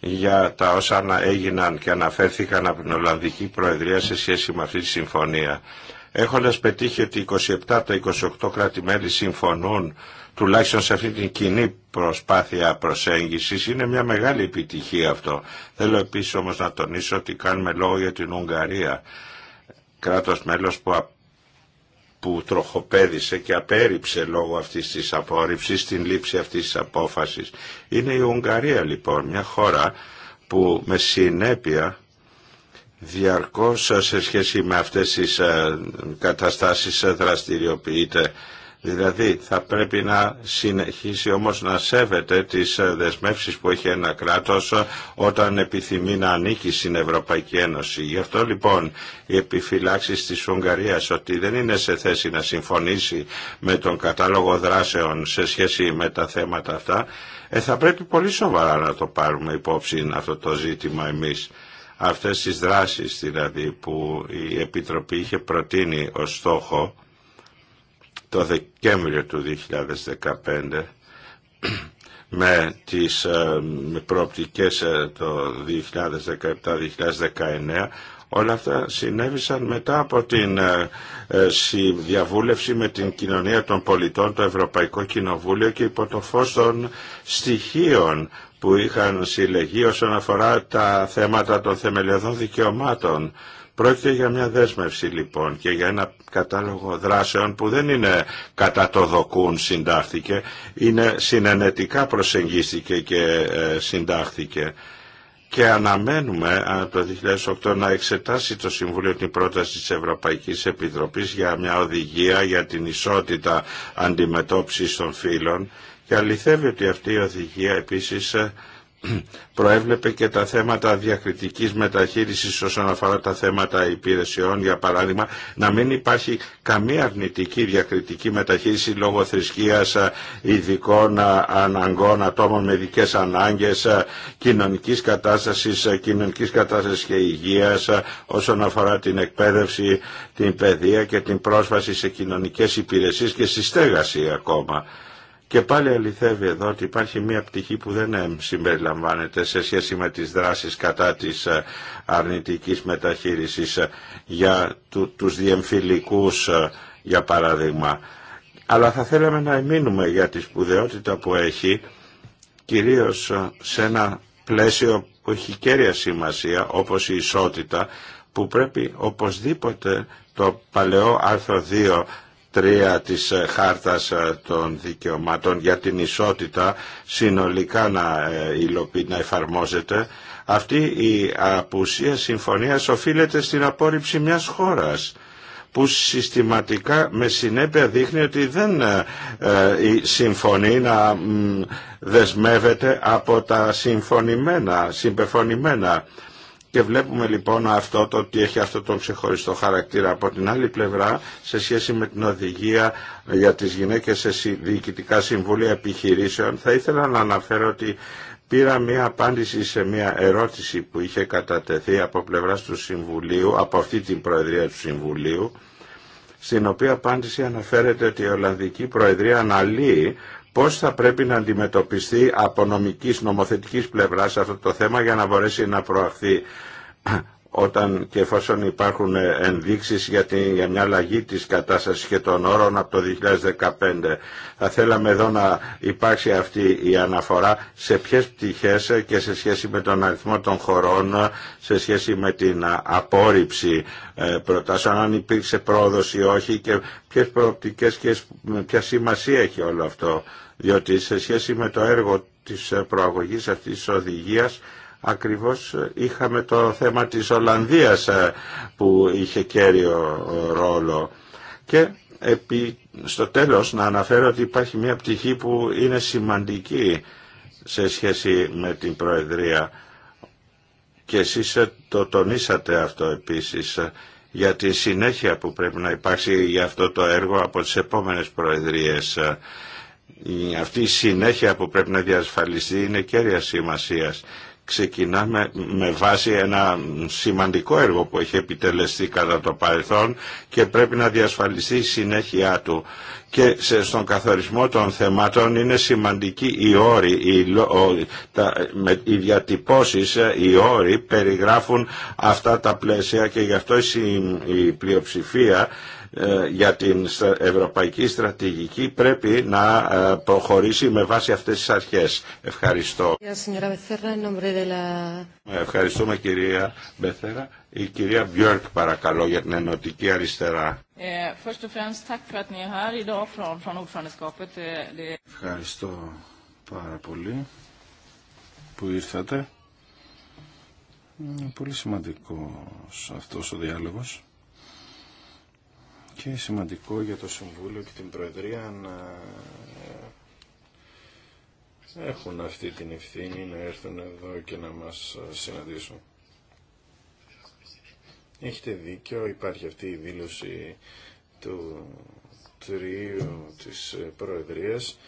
για τα όσα έγιναν και αναφέρθηκαν από την Ολλανδική Προεδρία σε σχέση με αυτή τη συμφωνία. Έχοντας πετύχει ότι 27 από τα 28 κράτη-μέλη συμφωνούν τουλάχιστον σε αυτή την κοινή προσπάθεια προσέγγισης είναι μια μεγάλη επιτυχία αυτό. Θέλω επίσης όμως να τονίσω ότι κάνουμε λόγο για την Ουγγαρία κράτος μέλος που, που τροχοπέδησε και απέριψε λόγω αυτής της απόρριψης την λήψη αυτής της απόφασης. Είναι η Ουγγαρία λοιπόν, μια χώρα που με συνέπεια διαρκώς σε σχέση με αυτές τις ε, καταστάσεις ε, δραστηριοποιείται Δηλαδή θα πρέπει να συνεχίσει όμως να σέβεται τις ε, δεσμεύσεις που έχει ένα κράτος όταν επιθυμεί να ανήκει στην Ευρωπαϊκή Ένωση. Γι' αυτό λοιπόν οι επιφυλάξεις της Ουγγαρίας ότι δεν είναι σε θέση να συμφωνήσει με τον κατάλογο δράσεων σε σχέση με τα θέματα αυτά ε, θα πρέπει πολύ σοβαρά να το πάρουμε υπόψη αυτό το ζήτημα εμείς αυτές τις δράσεις δηλαδή που η Επιτροπή είχε προτείνει ως στόχο το Δεκέμβριο του 2015 (clears throat) με τις ε, με προοπτικές ε, το 2017-2019 όλα αυτά συνέβησαν μετά από την ε, διαβούλευση με την κοινωνία των πολιτών το Ευρωπαϊκό Κοινοβούλιο και υπό το φως των στοιχείων που είχαν συλλεγεί όσον αφορά τα θέματα των θεμελιωδών δικαιωμάτων Πρόκειται για μια δέσμευση λοιπόν και για ένα κατάλογο δράσεων που δεν είναι κατά το δοκούν συντάχθηκε, είναι συνενετικά προσεγγίστηκε και ε, συντάχθηκε. Και αναμένουμε το 2008 να εξετάσει το Συμβούλιο την πρόταση της Ευρωπαϊκής Επιτροπής για μια οδηγία για την ισότητα αντιμετώπισης των φύλων και αληθεύει ότι αυτή η οδηγία επίσης ε, προέβλεπε και τα θέματα διακριτικής μεταχείρισης όσον αφορά τα θέματα υπηρεσιών για παράδειγμα να μην υπάρχει καμία αρνητική διακριτική μεταχείριση λόγω θρησκείας ειδικών αναγκών ατόμων με ειδικές ανάγκες κοινωνικής κατάστασης, κοινωνικής κατάστασης και υγείας όσον αφορά την εκπαίδευση, την παιδεία και την πρόσβαση σε κοινωνικές υπηρεσίες και στη ακόμα. Και πάλι αληθεύει εδώ ότι υπάρχει μια πτυχή που δεν ε, συμπεριλαμβάνεται σε σχέση με τις δράσεις κατά της ε, αρνητικής μεταχείρισης ε, για τους διεμφυλικούς, για παράδειγμα. Αλλά θα θέλαμε να εμείνουμε για τη σπουδαιότητα που έχει, κυρίως σε ένα πλαίσιο που έχει κέρια σημασία, όπως η ισότητα, που πρέπει οπωσδήποτε το παλαιό άρθρο 2 3 της ε, Χάρτας ε, των Δικαιωμάτων για την ισότητα συνολικά να, ε, να εφαρμόζεται. Αυτή η απουσία συμφωνίας οφείλεται στην απόρριψη μιας χώρας που συστηματικά με συνέπεια δείχνει ότι δεν συμφωνεί να δεσμεύεται από τα συμφωνημένα, συμπεφωνημένα και βλέπουμε λοιπόν αυτό το ότι έχει αυτό τον ξεχωριστό χαρακτήρα. Από την άλλη πλευρά, σε σχέση με την οδηγία για τις γυναίκες σε διοικητικά συμβούλια επιχειρήσεων, θα ήθελα να αναφέρω ότι πήρα μία απάντηση σε μία ερώτηση που είχε κατατεθεί από πλευράς του Συμβουλίου, από αυτή την Προεδρία του Συμβουλίου, στην οποία απάντηση αναφέρεται ότι η Ολλανδική Προεδρία αναλύει πώς θα πρέπει να αντιμετωπιστεί από νομικής, νομοθετικής πλευράς αυτό το θέμα για να μπορέσει να προαχθεί (clears throat) όταν και εφόσον υπάρχουν ε, ενδείξεις για, για μια αλλαγή της κατάστασης και των όρων από το 2015. Θα θέλαμε εδώ να υπάρξει αυτή η αναφορά σε ποιες πτυχές ε, και σε σχέση με τον αριθμό των χωρών, ε, σε σχέση με την απόρριψη προτάσεων, αν υπήρξε πρόοδος ή όχι και ποιες προοπτικές και ποια σημασία έχει όλο αυτό διότι σε σχέση με το έργο της προαγωγής αυτής της οδηγίας ακριβώς είχαμε το θέμα της Ολλανδίας ε, που είχε κέριο ε, ρόλο και επί, στο τέλος να αναφέρω ότι υπάρχει μια πτυχή που είναι σημαντική σε σχέση με την Προεδρία και εσείς ε, το τονίσατε αυτό επίσης για τη συνέχεια που πρέπει να υπάρξει για αυτό το έργο από τις επόμενες Προεδρίες αυτή η συνέχεια που πρέπει να διασφαλιστεί είναι κέρια σημασία. Ξεκινάμε με βάση ένα σημαντικό έργο που έχει επιτελεστεί κατά το παρελθόν και πρέπει να διασφαλιστεί η συνέχειά του. Και στον καθορισμό των θεμάτων είναι σημαντική οι όροι, οι, τα, με, οι διατυπώσεις, οι όροι περιγράφουν αυτά τα πλαίσια και γι' αυτό η, η πλειοψηφία ε, για την ευρωπαϊκή στρατηγική πρέπει να ε, προχωρήσει με βάση αυτές τις αρχές. Ευχαριστώ. Ευχαριστούμε κυρία Μπεθέρα. Η κυρία Μπιόρκ παρακαλώ για την ενωτική αριστερά. Ευχαριστώ πάρα πολύ που ήρθατε. Είναι πολύ σημαντικός αυτός ο διάλογος και σημαντικό για το Συμβούλιο και την Προεδρία να ε, έχουν αυτή την ευθύνη να έρθουν εδώ και να μας ε, συναντήσουν. Έχετε δίκιο, υπάρχει αυτή η δήλωση του τρίου της ε, Προεδρίας,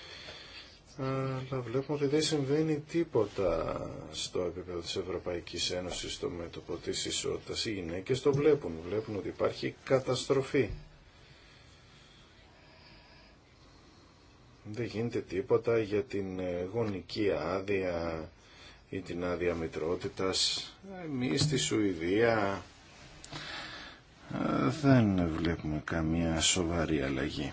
αλλά βλέπουμε ότι δεν συμβαίνει τίποτα στο επίπεδο της Ευρωπαϊκής Ένωσης στο μέτωπο της ισότητας. Οι γυναίκες το βλέπουν, βλέπουν ότι υπάρχει καταστροφή. Δεν γίνεται τίποτα για την ε, γονική άδεια ή την άδεια μητρότητας. Εμείς στη Σουηδία ε, δεν βλέπουμε καμία σοβαρή αλλαγή.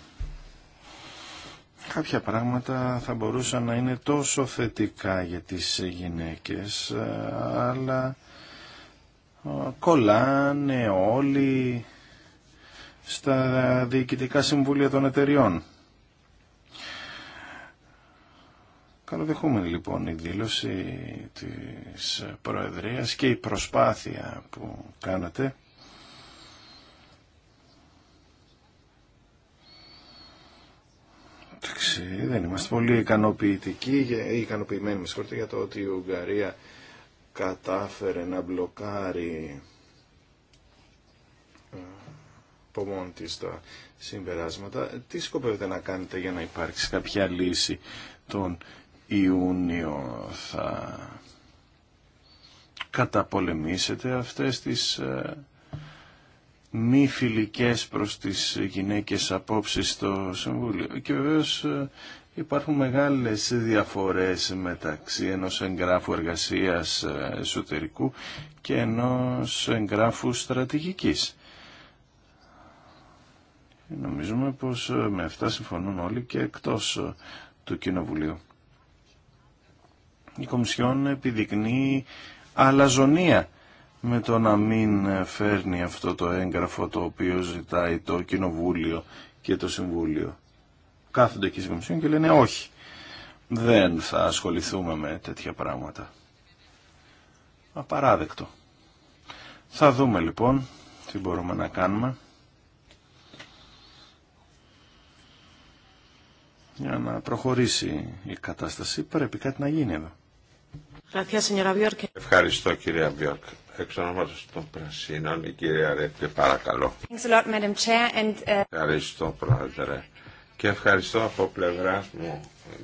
Κάποια πράγματα θα μπορούσαν να είναι τόσο θετικά για τις γυναίκες, ε, αλλά κολλάνε όλοι στα διοικητικά συμβούλια των εταιριών. Καλοδεχούμενη λοιπόν η δήλωση της Προεδρίας και η προσπάθεια που κάνατε δεν είμαστε πολύ ικανοποιητικοί ή ικανοποιημένοι με για το ότι η Ουγγαρία κατάφερε να μπλοκάρει ε, από μόνη της τα συμπεράσματα. Τι σκοπεύετε να κάνετε για να υπάρξει κάποια λύση των Ιούνιο θα καταπολεμήσετε αυτές τις ε, μη φιλικές προς τις γυναίκες απόψεις στο Συμβούλιο. Και βεβαίως ε, υπάρχουν μεγάλες διαφορές μεταξύ ενός εγγράφου εργασίας ε, εσωτερικού και ενός εγγράφου στρατηγικής. Νομίζουμε πως με αυτά συμφωνούν όλοι και εκτός του Κοινοβουλίου η Κομισιόν επιδεικνύει αλαζονία με το να μην φέρνει αυτό το έγγραφο το οποίο ζητάει το Κοινοβούλιο και το Συμβούλιο. Κάθονται εκεί στην Κομισιόν και λένε όχι. Δεν θα ασχοληθούμε με τέτοια πράγματα. Απαράδεκτο. Θα δούμε λοιπόν τι μπορούμε να κάνουμε. Για να προχωρήσει η κατάσταση πρέπει κάτι να γίνει εδώ. Ευχαριστώ κυρία Μπιόρκ. Εξ ονόματος των Πρασίνων, η κυρία Ρέπκε, παρακαλώ. Uh, ευχαριστώ, Πρόεδρε. Και ευχαριστώ από πλευρά μου,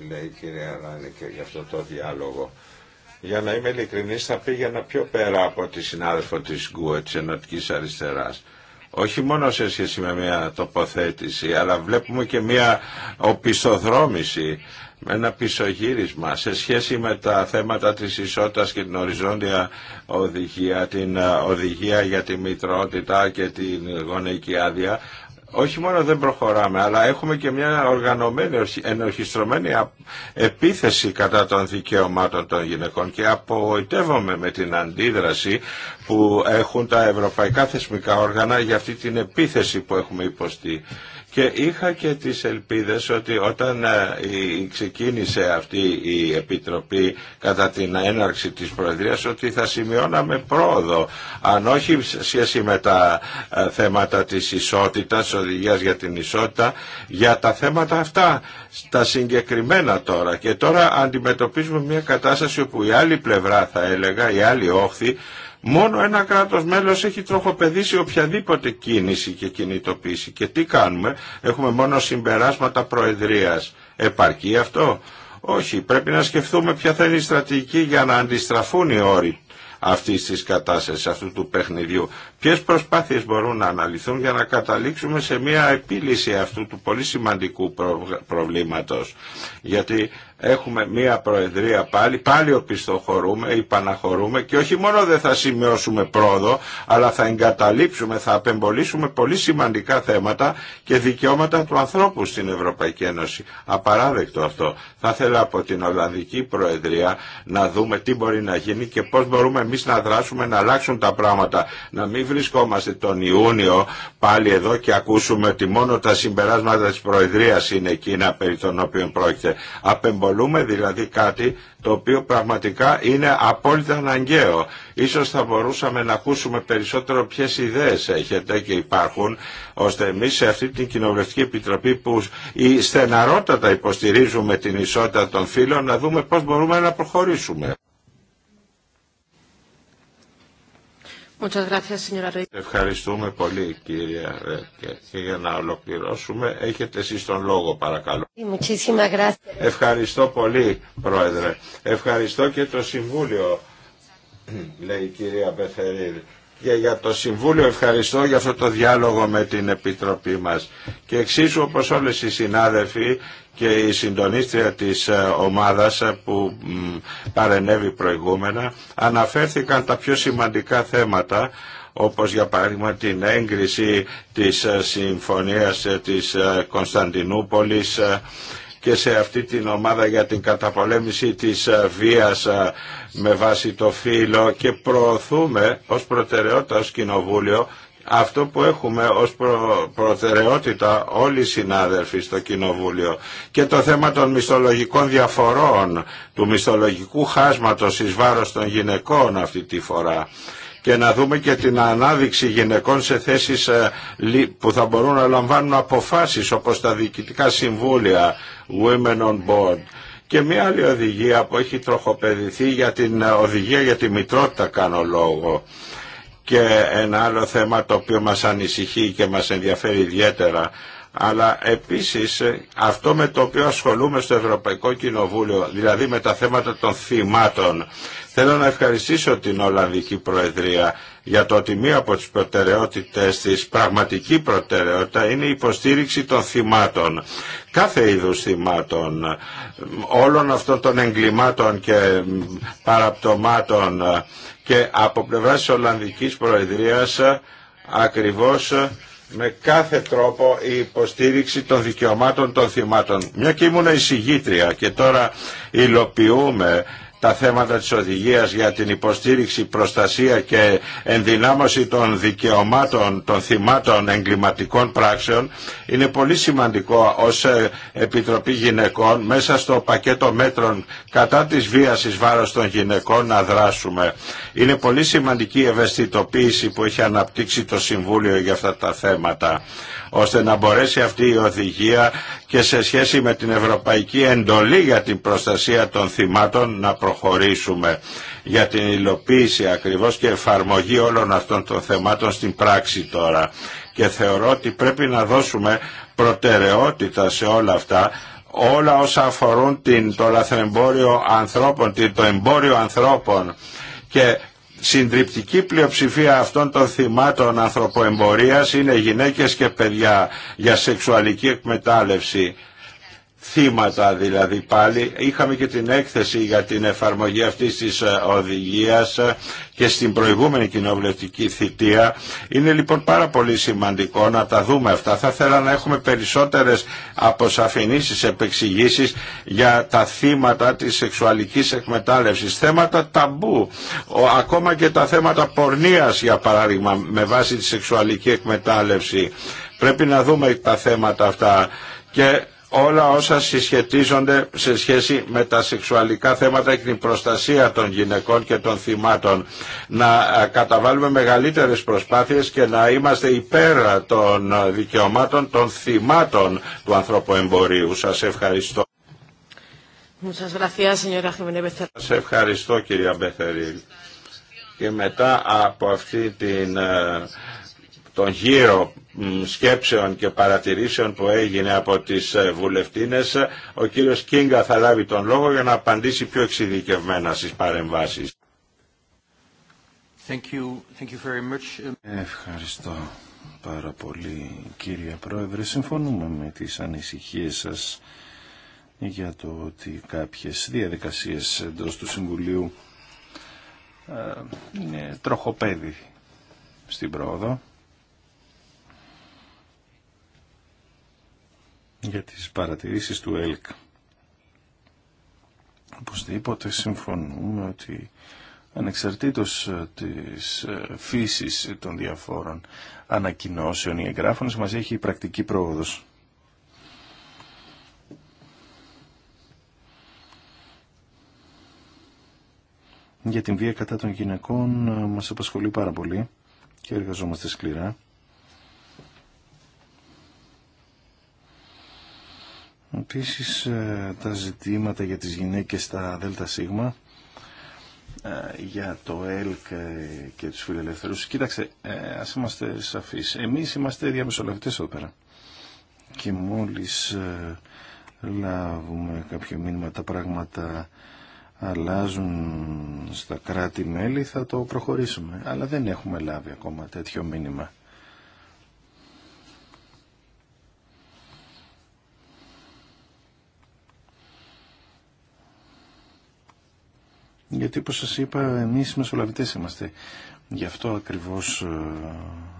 λέει η κυρία Ράνικε, για αυτό το διάλογο. Για να είμαι ειλικρινής, θα πήγαινα πιο πέρα από τη συνάδελφο της Γκουε, της Ενωτικής Αριστεράς όχι μόνο σε σχέση με μια τοποθέτηση, αλλά βλέπουμε και μια οπισθοδρόμηση ένα πισωγύρισμα σε σχέση με τα θέματα της ισότητας και την οριζόντια οδηγία, την ε, οδηγία για τη μητρότητα και την γονεϊκή άδεια. Όχι μόνο δεν προχωράμε, αλλά έχουμε και μια οργανωμένη, ενορχιστρωμένη επίθεση κατά των δικαιωμάτων των γυναικών και απογοητεύομαι με την αντίδραση που έχουν τα ευρωπαϊκά θεσμικά όργανα για αυτή την επίθεση που έχουμε υποστεί. Και είχα και τις ελπίδες ότι όταν ε, ξεκίνησε αυτή η Επιτροπή κατά την έναρξη της Προεδρίας ότι θα σημειώναμε πρόοδο, αν όχι σχέση με τα ε, θέματα της ισότητας, οδηγίας για την ισότητα, για τα θέματα αυτά, τα συγκεκριμένα τώρα. Και τώρα αντιμετωπίζουμε μια κατάσταση όπου η άλλη πλευρά θα έλεγα, η άλλη όχθη, Μόνο ένα κράτος μέλος έχει τροχοπεδίσει οποιαδήποτε κίνηση και κινητοποίηση. Και τι κάνουμε, έχουμε μόνο συμπεράσματα προεδρίας. Επαρκεί αυτό. Όχι, πρέπει να σκεφτούμε ποια θα είναι η στρατηγική για να αντιστραφούν οι όροι αυτής της κατάστασης, αυτού του παιχνιδιού ποιες προσπάθειες μπορούν να αναλυθούν για να καταλήξουμε σε μια επίλυση αυτού του πολύ σημαντικού προβλήματος. Γιατί έχουμε μια προεδρία πάλι, πάλι οπισθοχωρούμε, υπαναχωρούμε και όχι μόνο δεν θα σημειώσουμε πρόοδο, αλλά θα εγκαταλείψουμε, θα απεμπολίσουμε πολύ σημαντικά θέματα και δικαιώματα του ανθρώπου στην Ευρωπαϊκή Ένωση. Απαράδεκτο αυτό. Θα ήθελα από την Ολλανδική Προεδρία να δούμε τι μπορεί να γίνει και πώς μπορούμε εμείς να δράσουμε, να αλλάξουν τα πράγματα, να βρισκόμαστε τον Ιούνιο πάλι εδώ και ακούσουμε ότι μόνο τα συμπεράσματα της Προεδρίας είναι εκείνα περί των οποίων πρόκειται. Απεμπολούμε δηλαδή κάτι το οποίο πραγματικά είναι απόλυτα αναγκαίο. Ίσως θα μπορούσαμε να ακούσουμε περισσότερο ποιες ιδέες έχετε και υπάρχουν, ώστε εμείς σε αυτή την Κοινοβουλευτική Επιτροπή που στεναρότατα υποστηρίζουμε την ισότητα των φύλων, να δούμε πώς μπορούμε να προχωρήσουμε. Ευχαριστούμε πολύ κυρία Ρέτκε. Και για να ολοκληρώσουμε έχετε εσεί τον λόγο παρακαλώ. Ευχαριστώ πολύ πρόεδρε. Ευχαριστώ και το Συμβούλιο (clears throat) λέει η κυρία Μπεθερίλ και για το Συμβούλιο ευχαριστώ για αυτό το διάλογο με την Επιτροπή μας. Και εξίσου όπως όλες οι συνάδελφοι και η συντονίστρια της ε, ομάδας ε, που παρενέβη προηγούμενα αναφέρθηκαν τα πιο σημαντικά θέματα όπως για παράδειγμα την έγκριση της ε, συμφωνίας της Κωνσταντινούπολης και σε αυτή την ομάδα για την καταπολέμηση της ε, βίας ε, με βάση το φύλλο και προωθούμε ως προτεραιότητα ως Κοινοβούλιο αυτό που έχουμε ως προτεραιότητα όλοι οι συνάδελφοι στο Κοινοβούλιο και το θέμα των μισθολογικών διαφορών, του μισθολογικού χάσματος εις βάρος των γυναικών αυτή τη φορά και να δούμε και την ανάδειξη γυναικών σε θέσεις ε, που θα μπορούν να λαμβάνουν αποφάσεις όπως τα διοικητικά συμβούλια Women on Board. Και μια άλλη οδηγία που έχει τροχοπεδηθεί για την ε, οδηγία για τη μητρότητα κάνω λόγο. Και ένα άλλο θέμα το οποίο μας ανησυχεί και μας ενδιαφέρει ιδιαίτερα αλλά επίσης ε, αυτό με το οποίο ασχολούμαι στο Ευρωπαϊκό Κοινοβούλιο, δηλαδή με τα θέματα των θυμάτων. Θέλω να ευχαριστήσω την Ολλανδική Προεδρία για το ότι μία από τις προτεραιότητες της πραγματική προτεραιότητα είναι η υποστήριξη των θυμάτων, κάθε είδους θυμάτων, όλων αυτών των εγκλημάτων και παραπτωμάτων και από πλευράς της Ολλανδικής Προεδρίας ακριβώς με κάθε τρόπο η υποστήριξη των δικαιωμάτων των θυμάτων. Μια και ήμουν εισηγήτρια και τώρα υλοποιούμε τα θέματα της οδηγίας για την υποστήριξη, προστασία και ενδυνάμωση των δικαιωμάτων των θυμάτων εγκληματικών πράξεων είναι πολύ σημαντικό ως ε, Επιτροπή Γυναικών μέσα στο πακέτο μέτρων κατά της βίας εις βάρος των γυναικών να δράσουμε. Είναι πολύ σημαντική η ευαισθητοποίηση που έχει αναπτύξει το Συμβούλιο για αυτά τα θέματα ώστε να μπορέσει αυτή η οδηγία και σε σχέση με την Ευρωπαϊκή Εντολή για την προστασία των θυμάτων να προχωρήσουμε για την υλοποίηση ακριβώς και εφαρμογή όλων αυτών των θεμάτων στην πράξη τώρα. Και θεωρώ ότι πρέπει να δώσουμε προτεραιότητα σε όλα αυτά όλα όσα αφορούν την, το λαθρεμπόριο ανθρώπων, το εμπόριο ανθρώπων και συντριπτική πλειοψηφία αυτών των θυμάτων ανθρωποεμπορίας είναι γυναίκες και παιδιά για σεξουαλική εκμετάλλευση θύματα δηλαδή πάλι. Είχαμε και την έκθεση για την εφαρμογή αυτής της ε, οδηγίας ε, και στην προηγούμενη κοινοβουλευτική θητεία. Είναι λοιπόν πάρα πολύ σημαντικό να τα δούμε αυτά. Θα ήθελα να έχουμε περισσότερες αποσαφηνήσεις, επεξηγήσεις για τα θύματα της σεξουαλικής εκμετάλλευσης. Θέματα ταμπού, ακόμα και τα θέματα πορνείας για παράδειγμα με βάση τη σεξουαλική εκμετάλλευση. Πρέπει να δούμε τα θέματα αυτά και όλα όσα συσχετίζονται σε σχέση με τα σεξουαλικά θέματα και την προστασία των γυναικών και των θυμάτων. Να ε, καταβάλουμε μεγαλύτερες προσπάθειες και να είμαστε υπέρ των δικαιωμάτων των θυμάτων του ανθρωποεμπορίου. Σας ευχαριστώ. Σας ευχαριστώ κυρία Μπεθερίλ. Και μετά από αυτή την ε, τον γύρο σκέψεων και παρατηρήσεων που έγινε από τις ε, βουλευτίνες ε, ο κύριος Κίνγκα θα λάβει τον λόγο για να απαντήσει πιο εξειδικευμένα στις παρεμβάσεις. Ευχαριστώ πάρα πολύ κύριε Πρόεδρε. Συμφωνούμε με τις ανησυχίες σας για το ότι κάποιες διαδικασίες εντός του Συμβουλίου ε, είναι τροχοπέδι στην πρόοδο για τις παρατηρήσεις του ΕΛΚ. Οπωσδήποτε συμφωνούμε ότι ανεξαρτήτως ε, της ε, φύσης των διαφόρων ανακοινώσεων ή εγγράφων μας έχει η πρακτική πρόοδος. Για την βία κατά των γυναικών ε, μας απασχολεί πάρα πολύ και εργαζόμαστε σκληρά. Επίσης ε, τα ζητήματα για τις γυναίκες στα ΔΣ ε, για το ΕΛΚ ε, και τους φιλελευθερούς. Κοίταξε, ας είμαστε σαφείς. Εμείς είμαστε διαμεσολαβητές εδώ πέρα. Και μόλις λάβουμε κάποιο μήνυμα τα πράγματα αλλάζουν στα κράτη-μέλη θα το προχωρήσουμε. Αλλά δεν έχουμε λάβει ακόμα τέτοιο μήνυμα. Γιατί όπως σας είπα εμείς μεσολαβητές είμαστε. Γι' αυτό ακριβώς ε,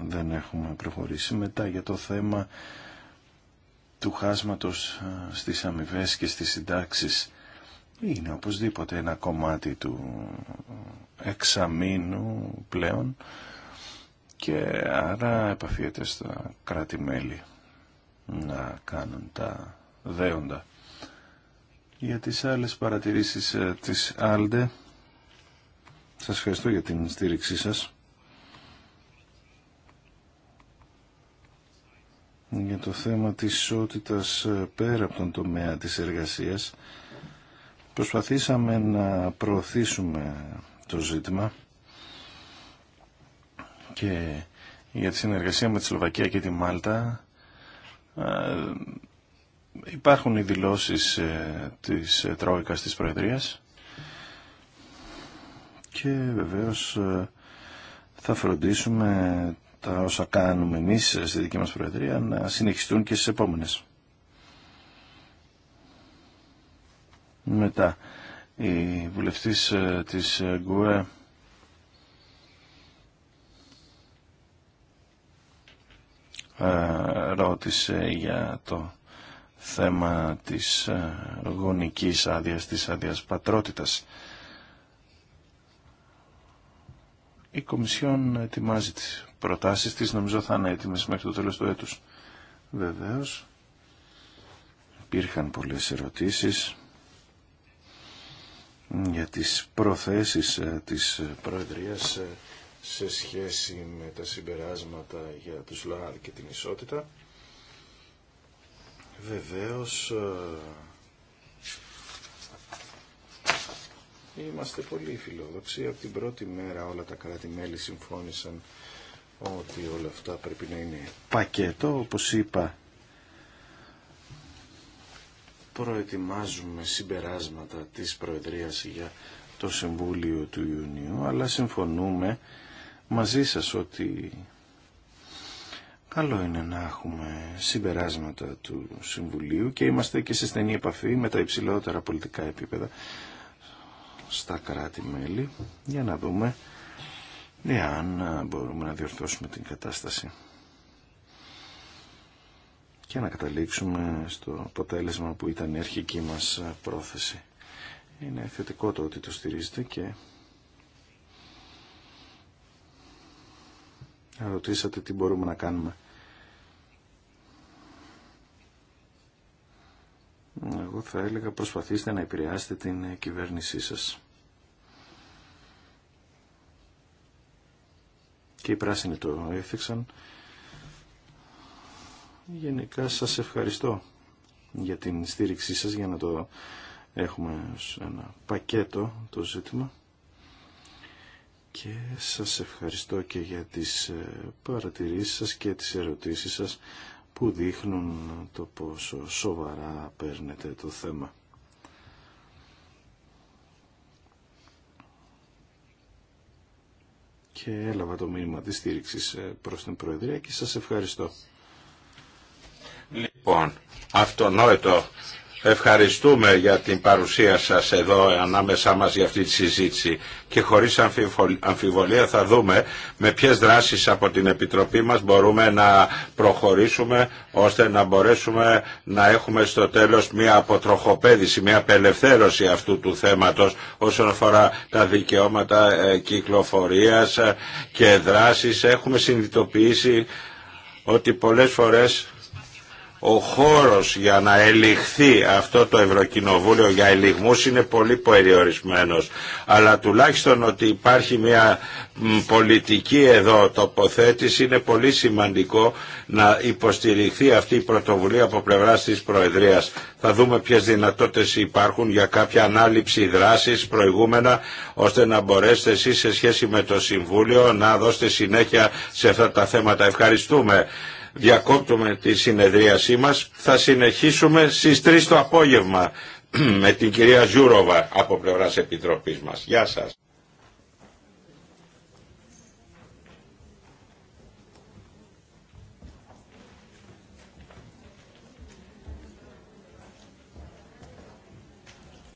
δεν έχουμε προχωρήσει. Μετά για το θέμα του χάσματος ε, στις αμοιβέ και στις συντάξεις είναι οπωσδήποτε ένα κομμάτι του εξαμήνου πλέον και άρα επαφιέται στα κράτη-μέλη να κάνουν τα δέοντα. Για τις άλλες παρατηρήσεις ε, της Άλντε σας ευχαριστώ για την στήριξή σας. Για το θέμα της ισότητας ε, πέρα από τον τομέα της εργασίας προσπαθήσαμε να προωθήσουμε το ζήτημα και για τη συνεργασία με τη Σλοβακία και τη Μάλτα ε, υπάρχουν οι δηλώσεις ε, της Τρόικας της Προεδρίας και βεβαίως ε, θα φροντίσουμε τα όσα κάνουμε εμείς στη δική μας Προεδρία να συνεχιστούν και στις επόμενες. Μετά, η βουλευτής ε, της ΓΚΟΕ ε, ρώτησε για το θέμα της γονικής άδειας, της άδειας πατρότητας. η Κομισιόν ετοιμάζει τις προτάσεις της, νομίζω θα είναι έτοιμες μέχρι το τέλος του έτους. Βεβαίως, υπήρχαν πολλές ερωτήσεις για τις προθέσεις ε, της ε, Προεδρίας ε, σε σχέση με τα συμπεράσματα για τους ΛΑΡ και την ισότητα. Βεβαίως, Είμαστε πολύ φιλόδοξοι. Από την πρώτη μέρα όλα τα κράτη-μέλη συμφώνησαν ότι όλα αυτά πρέπει να είναι πακέτο. Όπως είπα, προετοιμάζουμε συμπεράσματα της Προεδρίας για το Συμβούλιο του Ιουνίου, αλλά συμφωνούμε μαζί σας ότι καλό είναι να έχουμε συμπεράσματα του Συμβουλίου και είμαστε και σε στενή επαφή με τα υψηλότερα πολιτικά επίπεδα στα κράτη-μέλη για να δούμε εάν ε, μπορούμε να διορθώσουμε την κατάσταση και να καταλήξουμε στο αποτέλεσμα που ήταν η αρχική μας ε, πρόθεση. Είναι θετικό το ότι το στηρίζετε και ρωτήσατε τι μπορούμε να κάνουμε εγώ θα έλεγα προσπαθήστε να επηρεάσετε την κυβέρνησή σας. Και οι πράσινοι το έφτιαξαν. Γενικά σας ευχαριστώ για την στήριξή σας για να το έχουμε ένα πακέτο το ζήτημα. Και σας ευχαριστώ και για τις ε, παρατηρήσεις σας και τις ερωτήσεις σας που δείχνουν το πόσο σοβαρά παίρνετε το θέμα. Και έλαβα το μήνυμα της στήριξης ε, προς την Προεδρία και σας ευχαριστώ. Λοιπόν, αυτονόητο Ευχαριστούμε για την παρουσία σας εδώ ανάμεσά μας για αυτή τη συζήτηση και χωρίς αμφιβολία θα δούμε με ποιες δράσεις από την Επιτροπή μας μπορούμε να προχωρήσουμε ώστε να μπορέσουμε να έχουμε στο τέλος μια αποτροχοπαίδηση, μια απελευθέρωση αυτού του θέματος όσον αφορά τα δικαιώματα ε, κυκλοφορίας ε, και δράσεις. Έχουμε συνειδητοποιήσει ότι πολλές φορές ο χώρος για να ελιχθεί αυτό το Ευρωκοινοβούλιο για ελιγμούς είναι πολύ περιορισμένος. Αλλά τουλάχιστον ότι υπάρχει μια πολιτική εδώ τοποθέτηση είναι πολύ σημαντικό να υποστηριχθεί αυτή η πρωτοβουλία από πλευρά της Προεδρίας. Θα δούμε ποιες δυνατότητες υπάρχουν για κάποια ανάληψη δράσης προηγούμενα ώστε να μπορέσετε εσείς σε σχέση με το Συμβούλιο να δώσετε συνέχεια σε αυτά τα θέματα. Ευχαριστούμε διακόπτουμε τη συνεδρίασή μας. Θα συνεχίσουμε στις 3 το απόγευμα (clears throat) με την κυρία Ζούροβα από πλευράς Επιτροπής μας. Γεια σας.